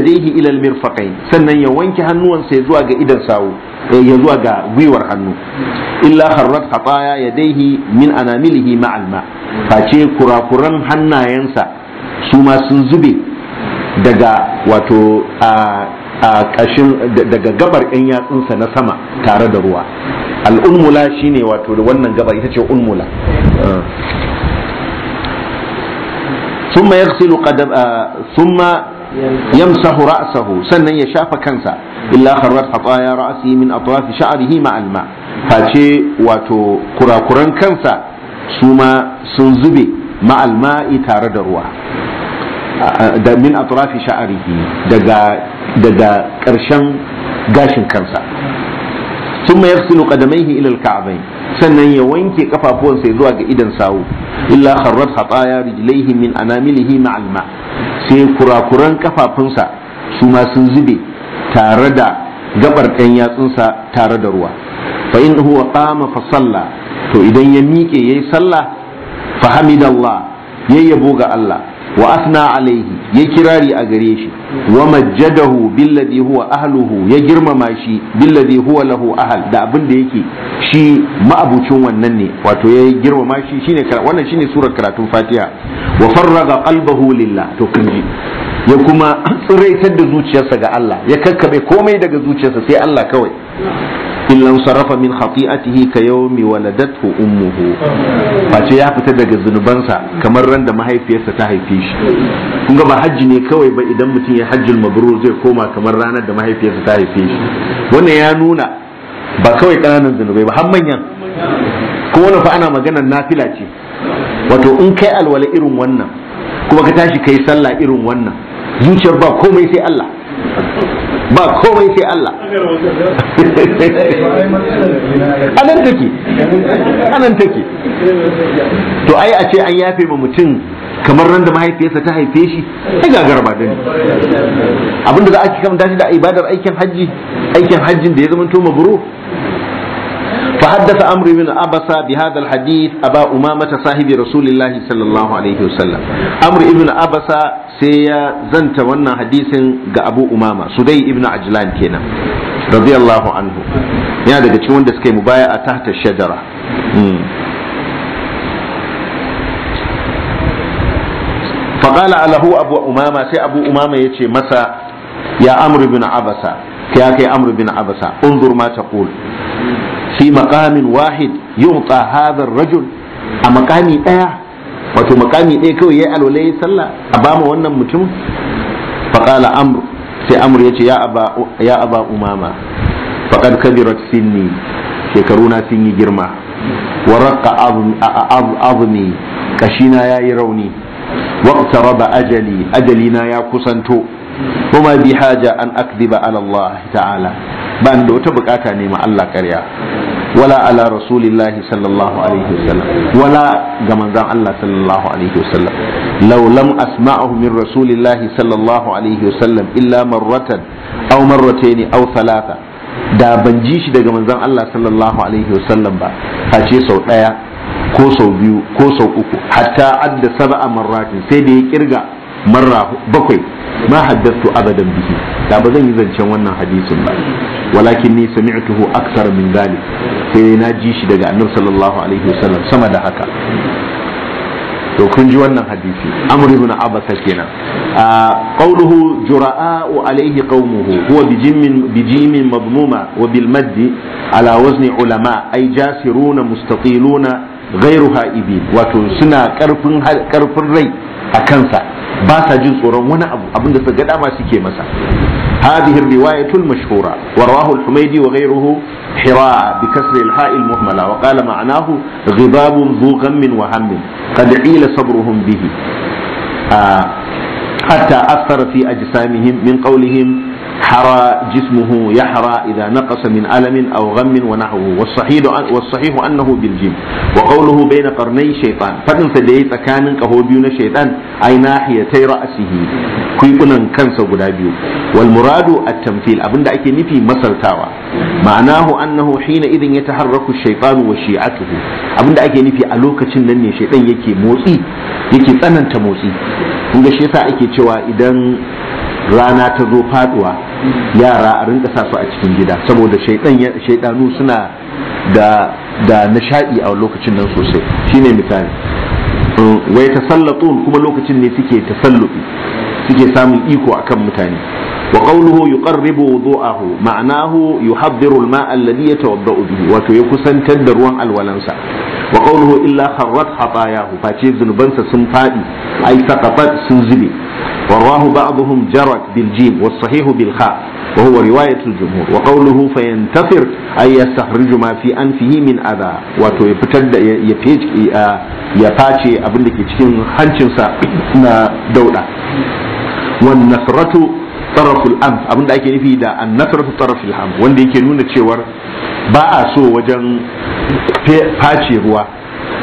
daihi ila almirfaqain sannan ya wanke hannuwansa ya zuwa ga idan sawu eh, ya zuwa ga gwiwar hannu illa harrat khataya daihi min anamilihi ma'al face kurakuran hannayensa su ma sun zube daga wato a kashin daga gabar yan yatsunsa na sama tare da ruwa al'ulmula shine wato da wannan gabar ita ce ulmula ثم يغسل قدم ثم يمسح رأسه sannan ya shafa kansa illa kharrat رأسي من min شعره مع الماء alma face wato kurakuran kansa su ma sun zube ma alma'i tare da ruwa da min atraf daga daga gashin kansa ثم يغسل قدميه إلى الكعبين sannan ya wanke kafafuwansa zuwa ga idan sawu illa kharrat khataya rijlaihi min anamilihi maalma sai kurakuran kafafunsa su ma sun zube tare da gabar ɗan yatsunsa tare da ruwa fa in huwa qama fa salla to idan ya miƙe yayi sallah fa hamidallah yabo ga Allah wa asna alaihi ya kirari a gare shi wa majjadahu billadhi huwa ahluhu ya girmama shi billadhi huwa lahu ahl da abin da yake shi ma'abucin wannan ne wato ya girmama shi shine wannan shine surar karatun Fatiha wa farraga qalbahu lillah to kunji ya kuma tsiraitar da zuciyarsa ga Allah ya kakkabe komai daga zuciyarsa sai Allah kawai illan sarrafa min khati'atihi ka yawmi waladatu ummuhu face ya fita daga zunubansa kamar ran da mahaifiyarsa ta haife shi kun ga ba hajji ne kawai ba idan mutum ya hajji mabrur zai koma kamar ranar da mahaifiyarsa ta haife shi wannan ya nuna ba kawai kananan zunubai ba har manyan ko wani fa ana maganar nafila ce wato in kai alwala irin wannan kuma ka tashi kai sallah irin wannan zuciyar ba komai sai Allah ba komai sai Allah anan take anan take to ai a ce an yafe ma mutum kamar ran da mahaifiyarsa ta haife shi ai ga garba. gani abinda za a kamanta shi da ibadar aikin hajji aikin hajjin da ya zama to maburu فحدث امر من ابسا بهذا الحديث ابا امامه صاحب رسول الله صلى الله عليه وسلم امر ابن ابسا سي زنت wannan hadisin ga abu umama sudai ibn ajlan kenan radiyallahu anhu ya daga cikin wanda suka yi mubaya'a tahta shajara fa alahu abu umama sai abu umama yace masa ya amru ibn abasa kai kai amru ibn abasa unzur ma taqul fi maqamin wahid yu'ta hadha ar-rajul a wato makami ɗaya kawai ya alwala yayi sallah a bama wannan mutum faqala amr sai amr yace ya ce ya aba umama faqad kabirat sinni shekaruna sun yi girma wa azumi ƙashina ya yayi rauni raba ajali ajalina ya kusanto kuma bi haja an akdiba ala Allah ta'ala ba da wata bukata ne ma Allah karya wala ala rasulillahi sallallahu alaihi wasallam wala ga manzon Allah sallallahu alaihi wasallam law lam asma'ahu min rasulillahi sallallahu alaihi wasallam illa marratan aw marratayn aw thalatha da ban ji shi daga manzon Allah sallallahu alaihi wasallam ba ce sau daya ko sau biyu ko sau uku hatta adda sab'a marratin sai da ya kirga marra bakwai ma abadan bihi da ba zan yi zancen wannan hadisin ba walakin ni sami'tuhu akthar min dhalik sai na ji shi daga annabi sallallahu alaihi wasallam sama da haka to kun ji wannan hadisi amr ibn abasa kenan qawluhu jura'a'u alayhi qaumuhu huwa bijimin bijimin madmuma wa bil maddi ala wazni ulama ay jasiruna mustatiluna ghairu ha'ibin wato suna ƙarfin rai a kansa ba sa jin tsoron wani abu abinda suka ga dama suke masa هذه الرواية المشهورة ورواه الحميدي وغيره حراء بكسر الحاء المهملة وقال معناه غضاب ذو غم وهم قد عيل صبرهم به آه حتى أثر في أجسامهم من قولهم حرى جسمه يحرى إذا نقص من ألم أو غم ونحوه والصحيح, والصحيح أنه بالجيم وقوله بين قرني شيطان فإن سدي تكان كهوبيون شيطان أي ناحيتي رأسه كي كنا كنس بلابيو والمراد التمثيل أبن دعك نفي مثل تاوى معناه أنه حينئذ يتحرك الشيطان وشيعته أبن دعك نفي ألوكة نني شيطان يكي موسي يكي تنن تموسي إن الشيطان يكي تشوى إذا rana ta zo faduwa yara a rinka sa su a cikin gida saboda shaidanu suna da da nishadi a lokacin nan sosai shine misali mm, wai tasallatun kuma lokacin ne suke tasallufi suke samun iko akan mutane وقوله يقرب وضوءه معناه يحضر الماء الذي يتوضأ به وكيكسن تدرون الولنسا وقوله إلا خرت خطاياه فاتي ذنبان سنفادي أي سقطت سنزبي ورواه بعضهم جرت بالجيم والصحيح بالخاء وهو رواية الجمهور وقوله فينتفر أي يستخرج ما في أنفه من أذى واتو يبتد يبيج يباتي أبنك يتكين حنشنسا دولة والنفرة taraful am abinda ake nufi da an nasaratu taraful am wanda yake nuna cewar ba a so wajen face ruwa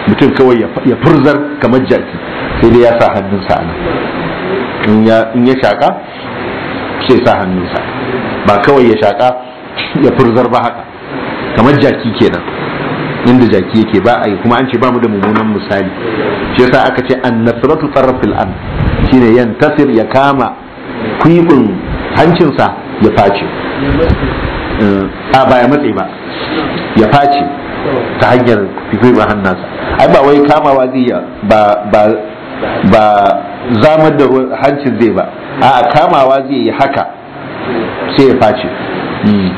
mutum kawai ya furzar kamar jaki sai dai ya sa hannunsa a nan in ya shaka sai sa hannunsa ba kawai ya shaka ya furzar ba haka kamar jaki kenan inda jaki yake ba a yi kuma an ce ba mu da mummunan misali shi yasa aka ce an nasratu tarafil an shine yan tasir ya kama kwifin hancinsa ya face eh, a ba ya matse ba ya face ta hanyar kwifin hannunsa ai ba wai kamawa zai ya ba zamar da hancin zai ba a kamawa zai yi haka sai ya face hmm.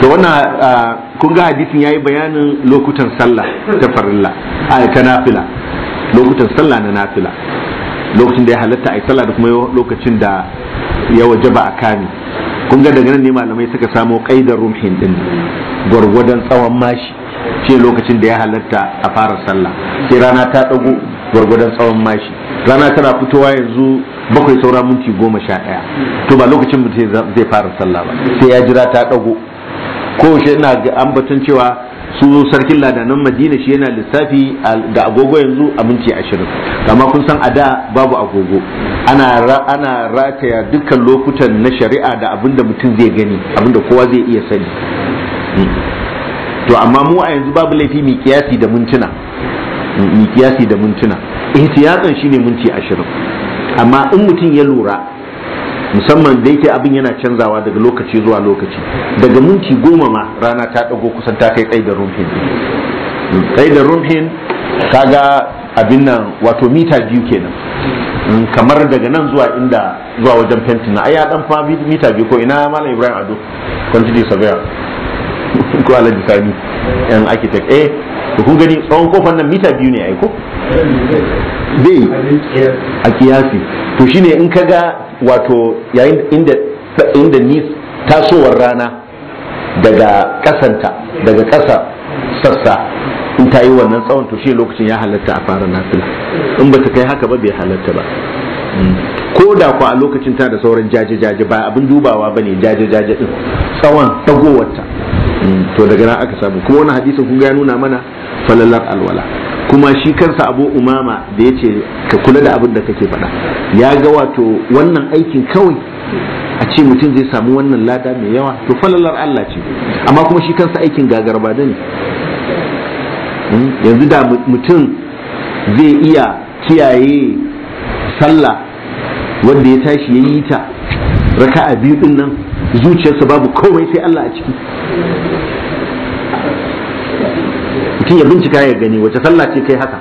da wannan kun ga hadisin yayi bayanin lokutan sallah ta farilla a ta nafila lokutan sallah na nafila lokacin da ya halatta a sallah da kuma lokacin da ya wajaba a kani kun ga daga nan ne malamai suka samo kaidar rumhin din gwargwadon tsawon mashi ce lokacin da ya halatta a fara sallah sai rana ta dago gwargwadon tsawon mashi rana tana fitowa yanzu bakwai saura minti goma sha ɗaya to ba lokacin mutum zai fara sallah ba sai ya jira ta ɗago kowace ina ambaton cewa su sarkin ladanan madina shi yana lissafi ga agogo yanzu a minti ashirin amma kun san a da babu agogo ana rataya dukkan lokutan na shari'a da abin mutum zai gani abin kowa zai iya sani hmm. to amma mu a yanzu babu laifi mai kiyasi da mintuna mai kiyasi da mintuna ihtiyatan shine minti ashirin amma in mutum ya lura musamman da yake abin yana canzawa daga lokaci zuwa lokaci daga minti goma ma rana ta ɗago kusan ta kai ƙaidar rumhin ƙaidar hmm, rumhin kaga abin nan wato mita biyu kenan hmm, kamar daga nan zuwa inda zuwa wajen fenti na aya dan fa mita biyu ko ina malam ibrahim ado quantity sabiya ko alhaji sani yan architect eh to kun gani tsawon kofar nan mita biyu ne aiko bai a kiyasi to shine in ka ga wato yayin inda inda ni tasowar rana daga kasanta daga kasa sassa in ta yi wannan tsawon to shi lokacin ya halatta a fara nafila in ba ta kai haka ba bai halatta ba mm. ko da kuwa a lokacin ta da sauran jaje-jaje ba abin dubawa ba ne jaje-jaje din tsawon tagowarta to daga nan aka samu kuma wani hadisi kun ga nuna mana falalar alwala kuma shi kansa abu umama da yace ka kula da abin da kake faɗa ya ga wato wannan aikin kawai a ce mutum zai samu wannan lada mai yawa to falalar Allah ce amma kuma shi kansa aikin gagarba da ne hmm? yanzu da mutum zai iya kiyaye sallah wanda ya tashi ya yi ta raka'a biyu din nan zuciyarsa babu komai sai Allah a ciki mutum ya bincika ya gani wace sallah ce kai haka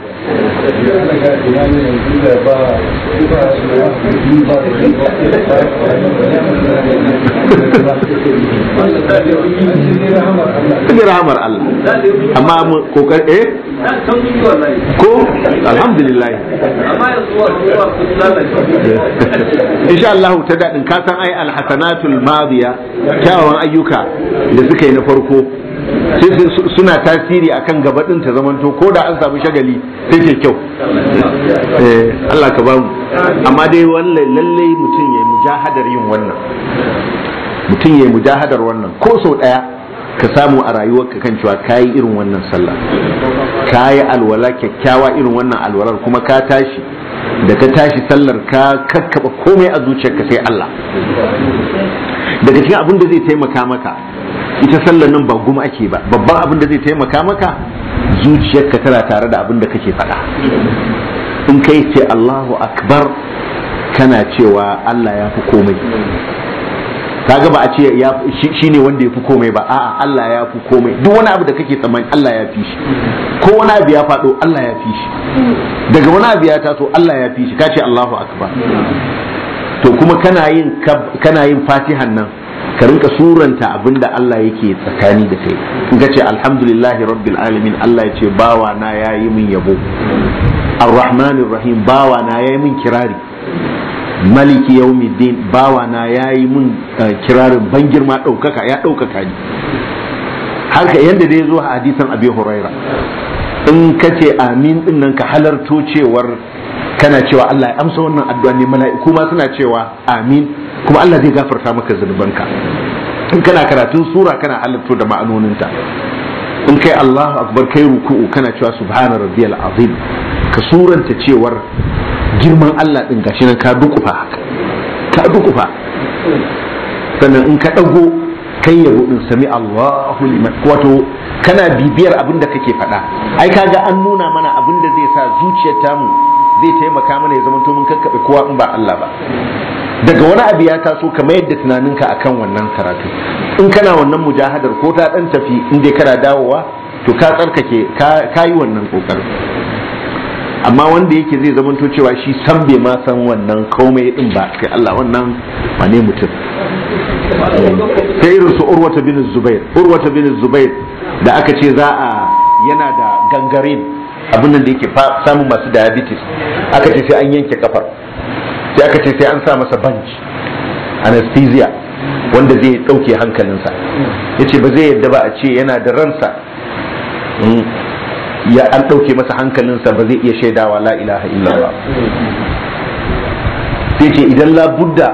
Kudi rahamar Allah amma kokar eh ko alhamdulillah insha Allah ta dadin ka san ai alhasanatul madiya kyawawan ayyuka da suka yi na farko suna tasiri akan gaba gabaɗin ta zamanto ko da an samu shagali sai ke kyau eh, Allah ka bamu amma dai wallai lallai mutum ya yi mujahadar yin wannan mutum yi mujahadar wannan ko sau ɗaya ka samu a rayuwar ka kan cewa yi irin wannan sallah Ka yi alwala kyakkyawa irin wannan alwalar kuma ka tashi da ka tashi sallar ka kakkaba komai a zuciyarka sai Allah daga cikin abin da zai taimaka maka ita sallar nan ba goma ake ba babban abin da zai taimaka maka zuciyarka tana tare da abin da kake faɗa in kai ce Allahu akbar kana cewa Allah ya fi komai kaga gaba a ce shi ne wanda ya fi komai ba a'a Allah ya fi komai duk wani abu da kake tsammani Allah ya fi shi ko wani abu ya faɗo Allah ya fi shi daga wani abu ya taso Allah ya fi shi ka ce Allahu akbar to kuma yin kana yin fatihan nan ka rinka suranta abinda Allah yake tsakani da kai in ka ce alhamdulillahi rabbil alamin Allah ya ce bawa na yayi min yabo arrahmanir rahim bawa na yayi min kirari maliki yawmiddin bawa na yayi min eh, kirarin ban girma daukaka ya daukaka ni haka yanda da zo a hadisan abi huraira in ka ce amin din nan ka halarto cewar kana cewa Allah ya amsa wannan addu'a ne mala'iku ma suna cewa amin kuma Allah zai gafarta maka zunubanka in kana karatun sura kana halatto da ma'anoninta in kai Allahu akbar kai ruku'u kana cewa subhana rabbiyal azim ka suranta cewar girman Allah din gashi nan ka dukufa haka ka dukufa sannan in ka dago kai ya din sami Allahu liman wato kana bibiyar abin da kake faɗa ai kaga an nuna mana abin da zai sa zuciyar tamu zai taimaka mana ya zama to mun kakkabe kowa in ba Allah ba daga wani abu ya taso ka mayar da tunaninka akan wannan karatu in kana wannan mujahadar ko ta dan tafi in dai kana dawowa to ka tsarkake ka yi wannan kokarin amma wanda yake zai zamanto cewa shi san bai ma san wannan komai din ba kai Allah wannan wane mutum ta irin su urwata bin zubair urwata bin zubair da aka ce za a yana da gangarin abin da yake samu masu diabetes aka ce sai an yanke kafar sai aka ce sai an sa masa banj anesthesia wanda zai ɗauke hankalinsa ya ce ba zai yadda ba a ce yana da ransa hmm. ya an ɗauke masa hankalinsa ba zai iya shaidawa la ilaha illallah sai ce idan labudda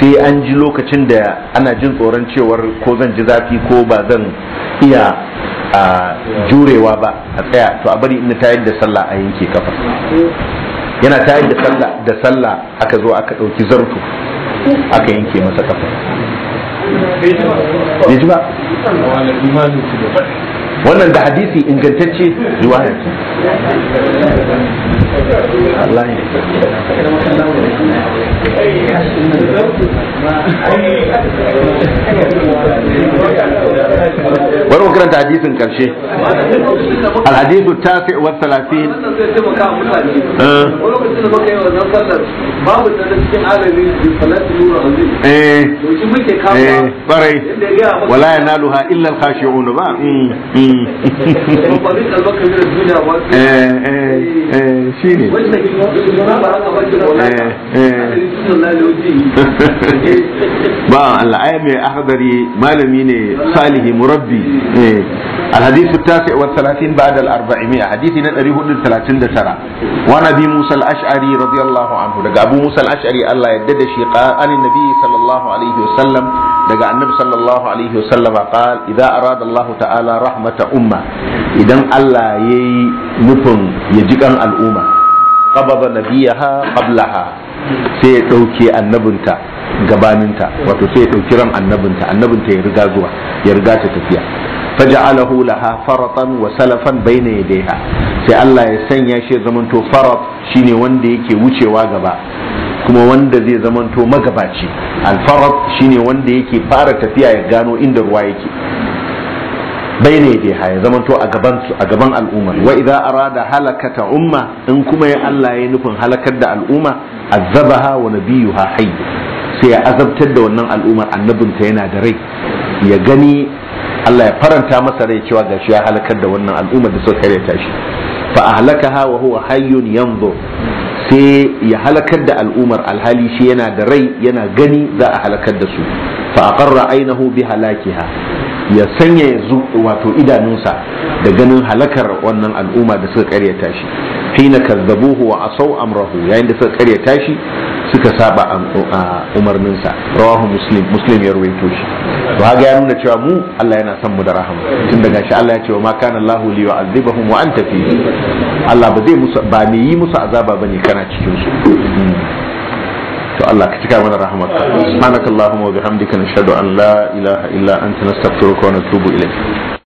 sai an ji lokacin da ana jin tsoron cewar ko zan ji zafi ko ba zan iya a ah, jurewa ba a tsaya to a bari ina tayar da sallah a yanke kafa yana tayar da sallah da sallah aka zo aka ɗauki zarto aka yanke masa kafa wannan da hadisi ingantacce riwayar الله bari mu karanta hadisin karshe alhadisu tafi wa talatin babu da cikin alami da salatu nuru azim eh to shi muke kawo barai wala yanaluha illa al-khashi'un ba eh eh eh shi ne ba Allah aya mai ahdari malami ne salihi murabbi الحديث التاسع والثلاثين بعد الأربعمائة حديث نتري هدن ثلاثين دسرة وعن أبي موسى الأشعري رضي الله عنه دقى أبو موسى الأشعري الله يدد شيقا عن النبي صلى الله عليه وسلم دقى النبي صلى الله عليه وسلم قال إذا أراد الله تعالى رحمة أمة إذا الله يي نفن يجيكا الأمة qabada nabiyaha qablaha sai ya dauke annabinta gabaninta wato sai ya dauki ran annabinta annabinta ya riga zuwa ya riga ta tafiya faja'alahu laha faratan wa salafan bayna yadayha sai Allah ya sanya shi zamanto farat shine wanda yake wucewa gaba kuma wanda zai zamanto magabaci al-farat shine wanda yake fara tafiya ya gano inda ruwa yake bayna yadayha ya zamanto a gaban su a gaban al'umma wa idza arada halakata umma in kuma ya Allah ya nufin halakar da al'umma azabaha wa nabiyuha hayy sai ya azabtar da wannan al'ummar ta yana da rai ya gani Allah ya faranta masa rai cewa gashi ya halakar da wannan al'ummar da suka karyata shi fa ahlakaha wa huwa hayyun yanzu sai ya halakar da al'umar alhali shi yana da rai yana gani za a halakar da su fa aqarra ainahu bi halakiha ya sanya ya wato idanunsa da ganin halakar wannan al'umma da suka karyata shi hina kazzabuhu wa asau amrahu yayin da suka karyata shi suka saba umarninsa rawahu muslim muslim ya ruwaito shi to haga ya nuna cewa mu Allah yana son mu da rahama tun daga shi Allah ya ce wa ma kana Allahu li yu'adhibahum wa anta fihi Allah ba zai musu ba ne yi musu azaba bane kana cikin su hmm. to Allah ka cika mana rahmatka subhanakallahumma wa bihamdika nashhadu an la ilaha illa anta nastaghfiruka wa natubu ilayk